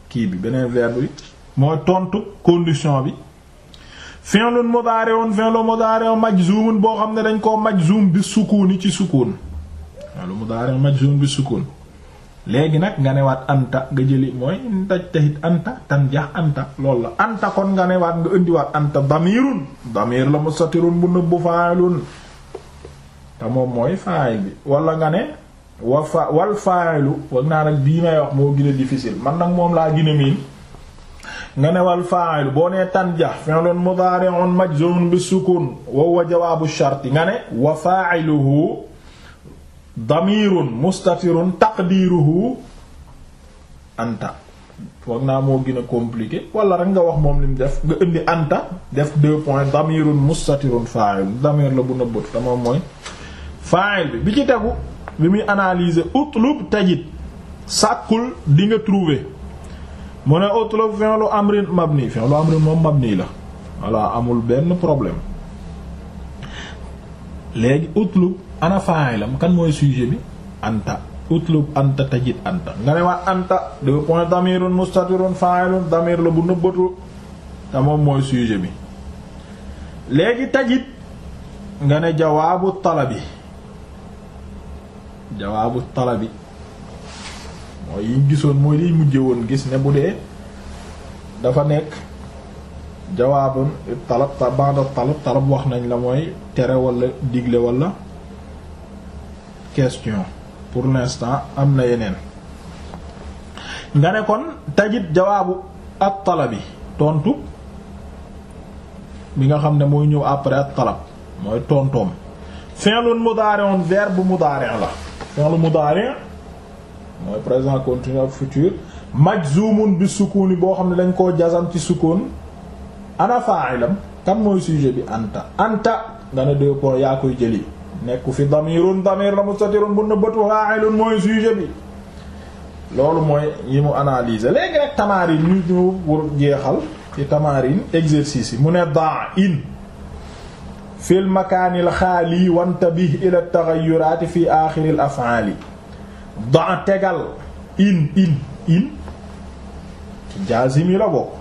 kii bi beneen verbe bi mooy tontu condition bi fi'lun mudari'un fi'lun mudari'un majzumun boo xam ne dañ koo majzum bi sukuun yi ci sukuun fi'lun mudari'un majzum bi sukuun léegi nag nga newaat anta nga jëli mooy taj tahit anta tan anta loolu la anta kon nga newaat nga indiwaat anta damirun damir la mustatirun bu nëbbu fa'ilun te moom mooy fa'il bi wala nga ne wa fa wal fa'ilu wag naa nag bii may wax moo gën a man nag moom laa gën miin nga ne wal fa'ilu boo nee tan jax fi'lun mudari'un majzumun bi sukun wa huwa jawabu nga ne wa fa'iluhu damirun mustatirun taqdiruhu anta foog naa moo gën a compliqué wala rek nga wax moom lim def nga indi anta def deux points damirun mustatirun fa'il damir la bu nëbbatu te moom mooy fa'il bi bi ci tegu bi muy analyser utlub tajid sàkkul di nga trouver mu ne utlub fi'lu amrin mabni fi'lu amrin moom mabni la voilà amul benn problème léegi utlub ana fa'ilam kan mooy sujet bi anta utlub anta tajid anta nga ne waa anta deux points damirun mustatirun fa'ilun damir la bu nëbbatu te moom mooy sujet bi léegi tajid nga ne jawaabu talabi jawaabu talabi mooy yiñ gisoon mooy liy mujje woon gis ne bu dee dafa nekk jawaabun talab ba'da talab wax nañ la mooy tere wala digle wala question pour l'instant am na yeneen nga ne kon tajit jawaabu at talabi tontu bi nga xam ne mooy ñëw après at talab mooy tontoom fi'lun mudari'un mu mudari' la fi'lu mudari' mooy présent continu ak futur majzumun bi sukuni boo xam ne dañ koo jazam ci sukun ana fa'ilam kan mooy sujet bi anta anta nga ne deux yaa koy jëli nekku fi damirun damir la mustatirun bu nëbbatu fa'ilun mooy sujet bi loolu mooy yi mu analyser léegi rek tamarin ñu ñu pour jeexal ci tamarin exercice yi mu ne da fi fil makaanil xaali wantabih ila taxayuraati fi aaxiril afaali da tegal in in in ci la bokk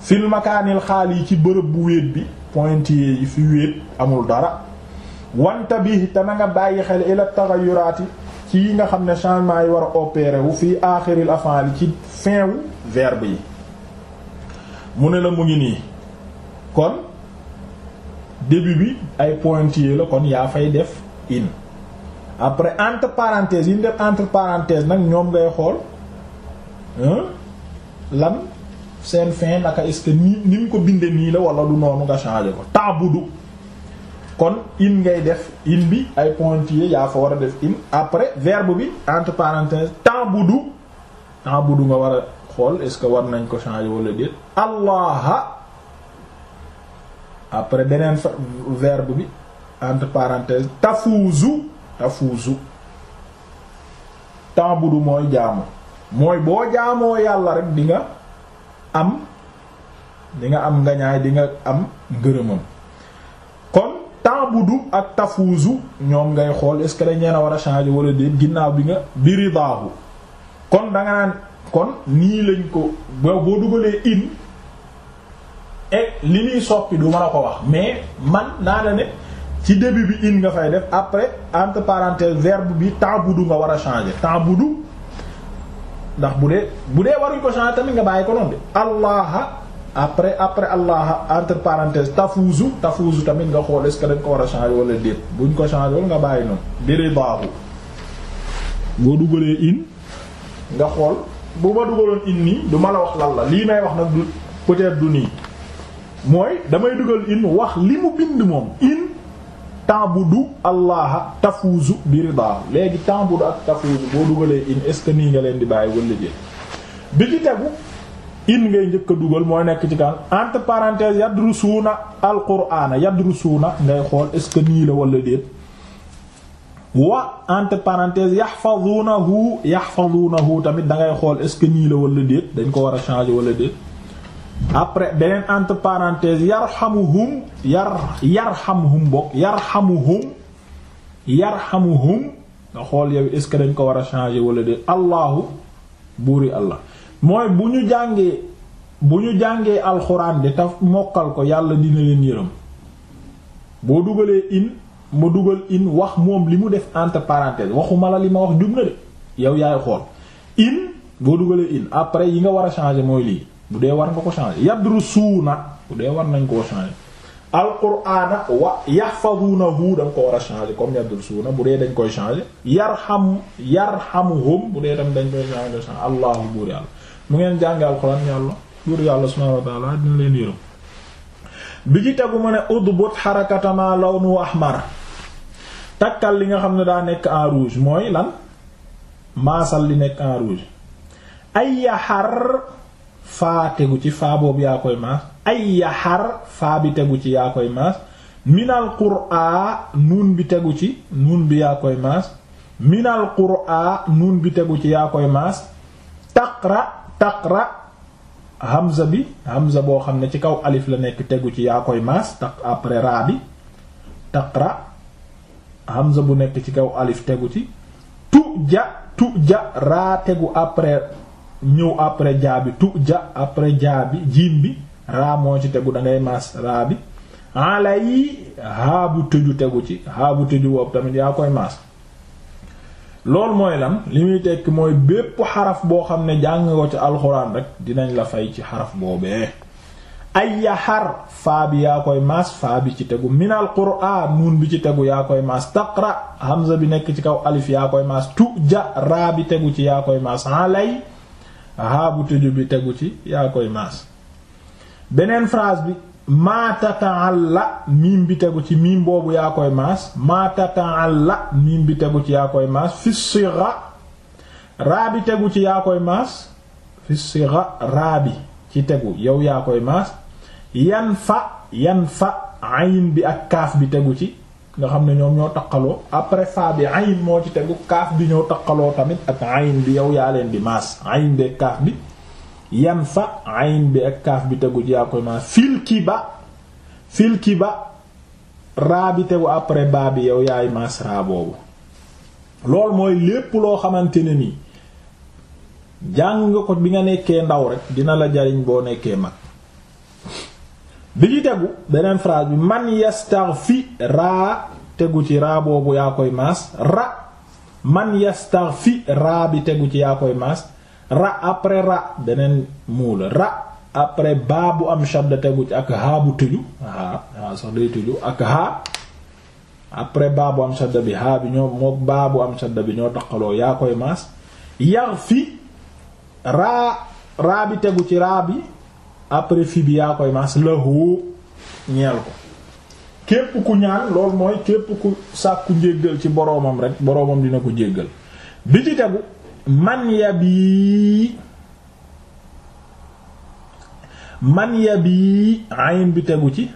fil makaanil xaal yi ci bërëb bu wéet bi pointillés yi fi wéet amul dara wanta bi te na bàyyi xel a taxayuraati ci yi nga xam ne changement yi war a opéré wu fii aaxiril af'al li ci fin wu verbe yi mu ne la mu ngi nii kon début bi ay pointillés la kon yaa fay def in après entre parenthèses yi ñu entre parenthèses nag ñoom ngay xool lan seen fin naka est ni ni mu ko bindee nii la wala du noonu nga changé ko ta'budu kon in ngay def in bi ay pointillé yaa fa war a def in après verbe bi entre parenthèses ta'budu ta'budu nga war a xool est-ce que war nañ ko changé wala déet allah après beneen verbe bi entre parenthèses tafuzu tafuzu ta'budu mooy jaamu mooy boo jaamoo yàlla rek di am di nga am ngañaay di nga am ngërëmam kon temps du ak tafuzu ñoom ngay xool est que dañ leen a war a changer wala déet ginnaaw bi nga biri daahu kon danga naan kon nii lañ ko boo boo dugalee in et li ñuy soppi du mën a ko wax mais man naa la ne ci début bi in nga fay def après entre parenthèses verbe bi ta'budu nga war a changer du ndax bu dee bu dee waruñ ko change tamit nga bàyyi ko noonu de allaha après après allaha entre parenthèses tafuzu tafuzu tamit nga xool est-ce que dañ ko war a changer wala déet buñ ko change wala nga bàyyi noonu biri baaxu boo dugalee in nga xool bu ma dugaloon in nii du la wax lan la lii may wax nag du peut-être du nii mooy damay dugal in wax li mu bind moom in ta'budu allaha tafuzu bi ridaahu léegi ta'budu ak tafuzu boo dugalee in est ce que nii nga leen di bàyyi wala jéem bi ci tegu in ngay njëkk a dugal mooy nekk ci kan entre parenthèses yadrusuuna alqur'ana yadrusuuna ngay xool est ce que nii la wala déet wa entre parenthèses yahfazuunahu yahfazuunahu tamit da ngay xool est ce que nii la wala déet dañ ko war a changer wala déet. après beneen entre parenthèses yarhamuhum yar yarhamuhum bokk yarhamuhum yarhamuhum nga xool yow est-ce que dañ ko war a changer wala de allahu buuri allah mooy bu ñu jàngee bu ñu jàngee alxuraan de taf mokkal ko yàlla dina leen yërëm boo dugalee in ma dugal in wax moom li mu def entre parenthèses waxuma la li ma wax jub na de yow yaay xool in boo dugalee in après yi nga war a changer mooy lii bu dee war nga ko changer yadrusuuna bu dee war nañ koo changer alqur'ana wa yahfazunahu da nga ko war a changer comme yadrusuuna bu dee dañ koy changer yarham yarhamuhum bu dee tam dañ koy changer allahu buur yàlla mu ngeen jànge alqur'an yàlla buur yàlla subhanahu wa ta'ala dina leen yërëm bi ci tegu ma ne udbut xarakatama lawnu ahmar takkal li nga xam ne daa nekk en rouge mooy lan maasal li nekk en rouge ay yaxar faa tegu ci faa boobu yaa koy maas ay yaxar faa bi tegu ci yaa koy maas minal qur'aa nuun bi tegu ci nuun bi yaa koy maas minal qur'aa nuun bi tegu ci yaa koy maas taqra bi hamza boo xam ne ci kaw alif la nekk tegu ci yaa koy maas taq après raa bi taqra hamza bu nekk ci kaw alif tegu ci tu ja tu ja raa tegu après ñëw après jaa tu ja après jaa bi jiim bi raa moo ci tegu da ngay maas raa bi ala yi haabu tëju tegu ci haabu tëju boobu tamit yaa koy maas loolu mooy lan li muy tekk mooy bépp xaraf boo xam ne jàng ko ci alxuraan rek dinañ la fay ci xaraf boobee ay ya xar faa bi yaa koy maas faa bi ci tegu minal qur'aan nuun bi ci tegu yaa koy maas taqra hamza bi nekk ci kaw alif yaa koy maas tu ja raa bi tegu ci yaa koy maas alay haa bu tëju bi tegu ci yaa koy maas beneen phrase bi maa tataalla miim bi tegu ci miim boobu yaa koy maas maa tataalla miim bi tegu ci yaa koy maas fi siga raa bi tegu ci yaa koy maas fi siga raa bi ci tegu yow yaa koy maas yan fa yan fa ayin bi ak kaaf bi tegu ci nga xam ne ñoom ñoo taqaloo après faa bi ayn moo ci tegu kaaf bi ñoo taqaloo tamit ak ayn bi yow yaa leen di maas ayn bi ak kaaf bi yan fa ayn bi ak kaaf bi tegu ci yaa koy maas fil ki ba fil ki ba raa bi tegu après baa bi yow yaay maas raa boobu loolu mooy lépp loo xamante ne nii jàng ko bi nga nekkee ndaw rek dina la jariñ boo nekkee mag bi ci tegu beneen phrase bi man yastaghfi raa tegu ci raa boobu yaa koy maas ra man yastaghfi raa bi tegu ci yaa koy maas ra après ra beneen muula ra après baa am shadda tegu ci ak haa bu tëju haa haa sax day tëju ak haa après baa am shadda bi haa bi ñoo moo baa bu am shadda bi ñoo taqaloo yaa koy maas yaghfi raa raa bi tegu ci raa bi après fi bi yaa koy mas lahu ñeel ko képp ku ñaan loolu mooy képp ku sàkku njéggal ci boroomam rek boroomam dina ko jéggal bi ci tegu man yabi man yabi ayin bi tegu ci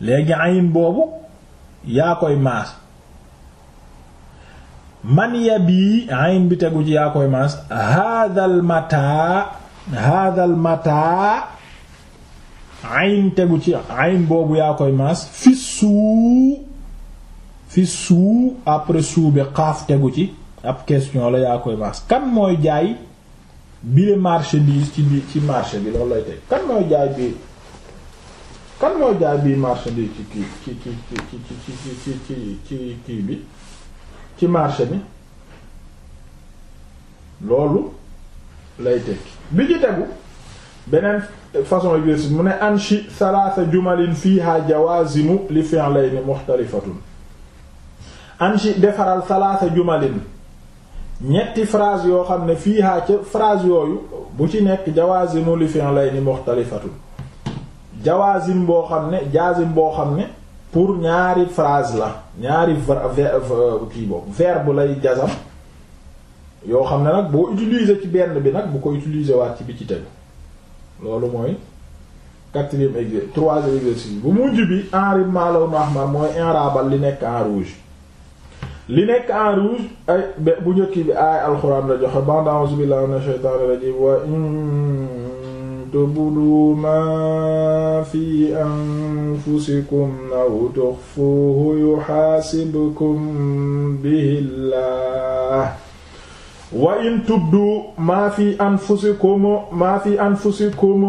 léegi ayin boobu yaa koy maas man yabi ayin bi tegu ci yaa koy maas hadal mata haadal mataa ayn tegu ci ayn boobu yaa koy maas fi suu fi suu après suu bi xaaf tegu ci ab question la yaa koy maas kan mooy jaay bile marchandise ci bi ci marché bi loolu lay teg kan mooy jaay bi kan mooy jaay bi marchandise ci kii ci ci ci ci ci ci kii bi ci marché bi loolu lay tekki bi ci tegu beneen façon exercice mu ne anchi thalatha jumalin fiha jawazimu li fi'layni mukhtalifatun anchi defaral thalatha jumalin ñetti phrase yoo xam ne fiha ca yooyu bu ci nekk jawazimu li fi'layni mukhtalifatun jawazim boo xam ne jazim boo xam ne pour ñaari phrase la ñaari kii boobu verbe lay jazam yoo xam ne nag boo utiliser ci benn bi nag bu ko utiliser waat ci bi ci tegu loolu mooy quatrième exercice troisième exercice bu mujj bi enrib maalow nu ahmar mooy inrabal li nekk en rouge li nekk en rouge ay bu njëkk bi ay alxuraan la joxe ba'da a'uuzu billahi minash shaytaanir rajiim wa in tubdu ma fi anfusikum aw tuxfuhu yuhaasibkum bihi wa in tubdu maa fi anfusikum maa fi anfusikum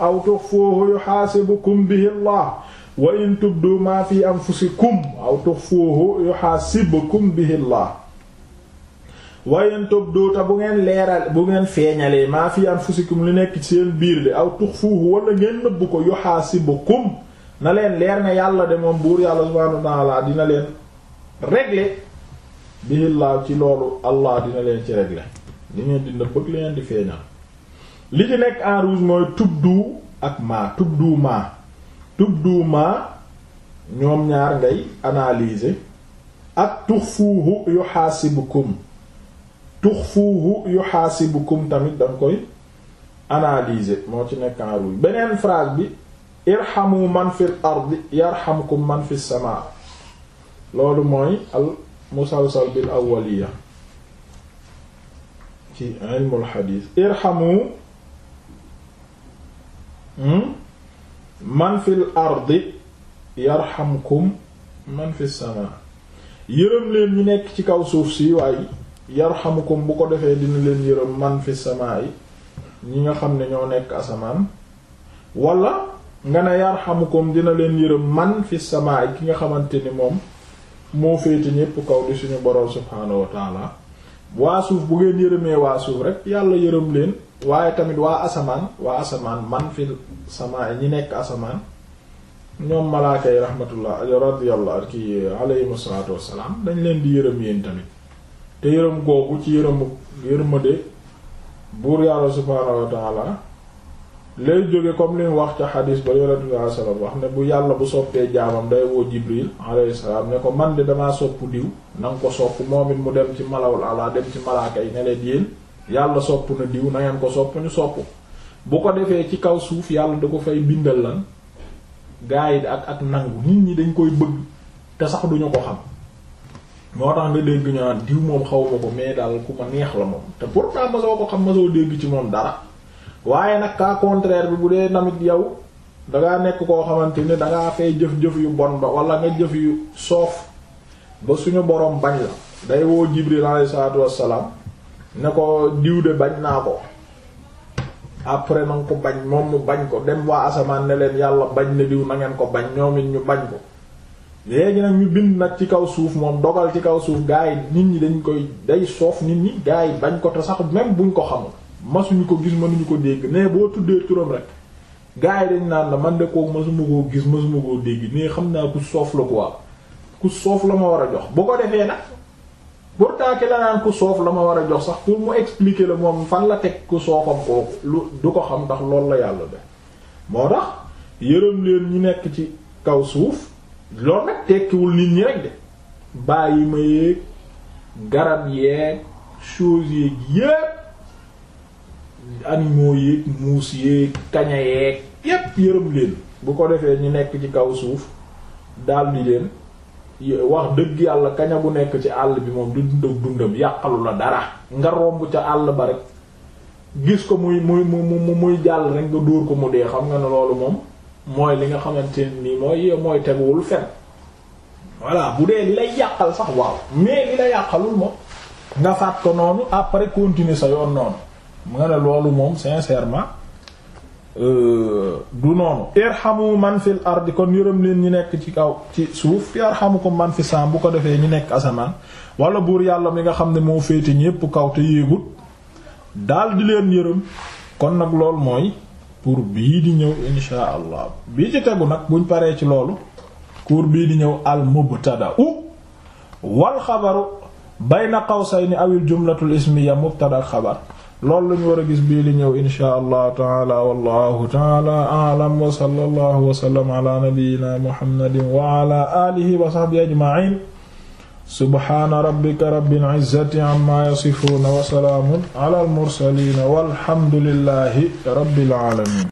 aw tuxfuuhu yuxaasibukum bihi Allah wa in tubdu maa fi anfusikum aw tuxfuuhu yuxaasibukum bihi Allah wa in tubdu te bu ngeen leeral bu ngeen feeñalee maa fi anfusikum lu nekk ci seen biir de aw tuxfuuhu wala ngeen nëbb ko yuxaasibukum na leen leer ne yàlla de moom buur yàlla subhaanahu wa ta'aala dina leen régler bii ci loolu allah dina leen ci régler li ngeen di nëbb li ngeen di feeñal li ci nekk en rouge mooy tubdu ak maa tubdu maa tubdu maa ñoom ñaar ngay analyser ak tuxfuuhu yuxaasibukum tuxfuuhu yuxaasibukum tamit danga koy analyser moo ci nekk en rouge beneen phrase bi irhamu man fil ardi yarhamkum man fi samaa loolu mooy al mu musalsal bil awwaliya ci ilmul xadiis irhamu hmm? man fil ardi yarhamkum man fi samaa yërëm leen ñu nekk ci kaw suuf si waaye yarhamukum bu ko defee dina leen yërëm man fi samaa yi ñi nga xam ne ñoo nekk asamaan wala nga ne yarhamukum dina leen yërëm man fi samaa yi ki nga xamante ni moom moo féete ñépp kaw di suñu boroom subhaanahu wa waa suuf bu ngeen yërëmee waa suuf rek yàlla yërëm leen waaye tamit waa asamaan waa asamaan man fi samaa ñi nekk asamaan ñoom malaaka yi rahmatullah radiyallahu anki alayhim salaatu wassalaam dañ leen di yërëm yéen tamit te yërëm googu ci yërëm yërëmade buur yàlla subhaanahu wa lay jóge comme li wax ca xadis ba yonent bi alayhi salaam wax ne bu yàlla bu soppee jaamam day woo jibril alayhi salaam ne ko man de damaa sopp diw na nga ko sopp moom it mu dem ci malawul ala dem ci malaaka yi ne leen yàlla sopp na diw ko sopp ñu sopp bu ko defee ci kaw suuf yàlla da ko fay bindal lan gaay yi ak ak nangu nit ñi dañ koy bëgg te sax duñu ko xam moo tax nga dégg ñu naan diw moom xaw ma ko mais dal ku ma neex la moom te pourtant ma soo ko xam ma dégg ci moom dara waaye nag cas contraire bi bu dee namit yow dangaa nekk koo xamante ni dangaa fay jëf-jëf yu bon ba wala nga jëf yu soof ba suñu boroom bañ la day woo Jibril alayhi salaatu wassalaam ne ko diw de bañ naa ko après nanga ko bañ moom mu bañ ko dem waa asamaan ne leen yàlla bañ ne diw na ko bañ ñoom it ñu bañ ko léegi nag ñu bind nag ci kaw suuf moom dogal ci kaw suuf gaa yi nit ñi dañ koy day soof nit ñi gaa yi bañ ko te sax même buñ ko xamul masuñu ko gis mënuñu ko dégg ne boo tuddee turam rek gars yi dañ naan la man de kooku masuma koo gis masuma koo dégg ne xam naa ku soof la quoi ku soof la ma war a jox bu ko defee nag pourtant ki la naan ku soof la ma war a jox sax pour mu expliquer la moom fan la teg ku soofam kooku lu du ko xam ndax loolu la yàlla de moo tax yërëm leen ñu nekk ci kaw suuf loolu nag tekkiwul nit ñi rek de bàyyi ma yeeg garab yeeg choses yeeg yépp animaux yeeg muus yeeg kaña yeeg yépp yërëm leen bu ko defee ñu nekk ci kaw suuf di leen wax dëgg yàlla kaña bu nekk ci àll bi moom di dund ak dundam yàqalu la dara nga romb ca àll ba rek gis ko muy muy muy muy jàll rek nga dóor ko mu dee xam nga ne loolu moom mooy li nga xamante nii mooy mooy teguwul fen voilà bu dee li lay yàqal sax waaw mais li la yàqalul moom nga faat ko noonu après continuer sa yoon noonu mu ne loolu moom sincèrement euh, du noonu irhamu man fil ardi kon yërëm leen ñi nekk ci kaw ci suuf ko man fi saam bu ko defee ñi nekk asamaan wala buur yàlla mi nga xam ne moo féete ñépp kaw te yéegut daal di leen yërëm kon nag loolu mooy pour bii di ñëw inshaa allah bii ci tegu nag buñ paree ci loolu pour bii di ñëw al mubtada u wal xabaru bayna qawsayni awil jumlatul ismiya mubtada ak xabar loolu lañu war a gis bii li ñëw inshaa allahu taala wallahu taala a'lam wa sallallahu wa sallam ala nabiyyina muhammadin wa ala alihi wa sahbihi ajma'in subhana rabbika rabbil izzati amma yasifuna wa salaamun ala al mursalin walhamdulillahi rabbil alamin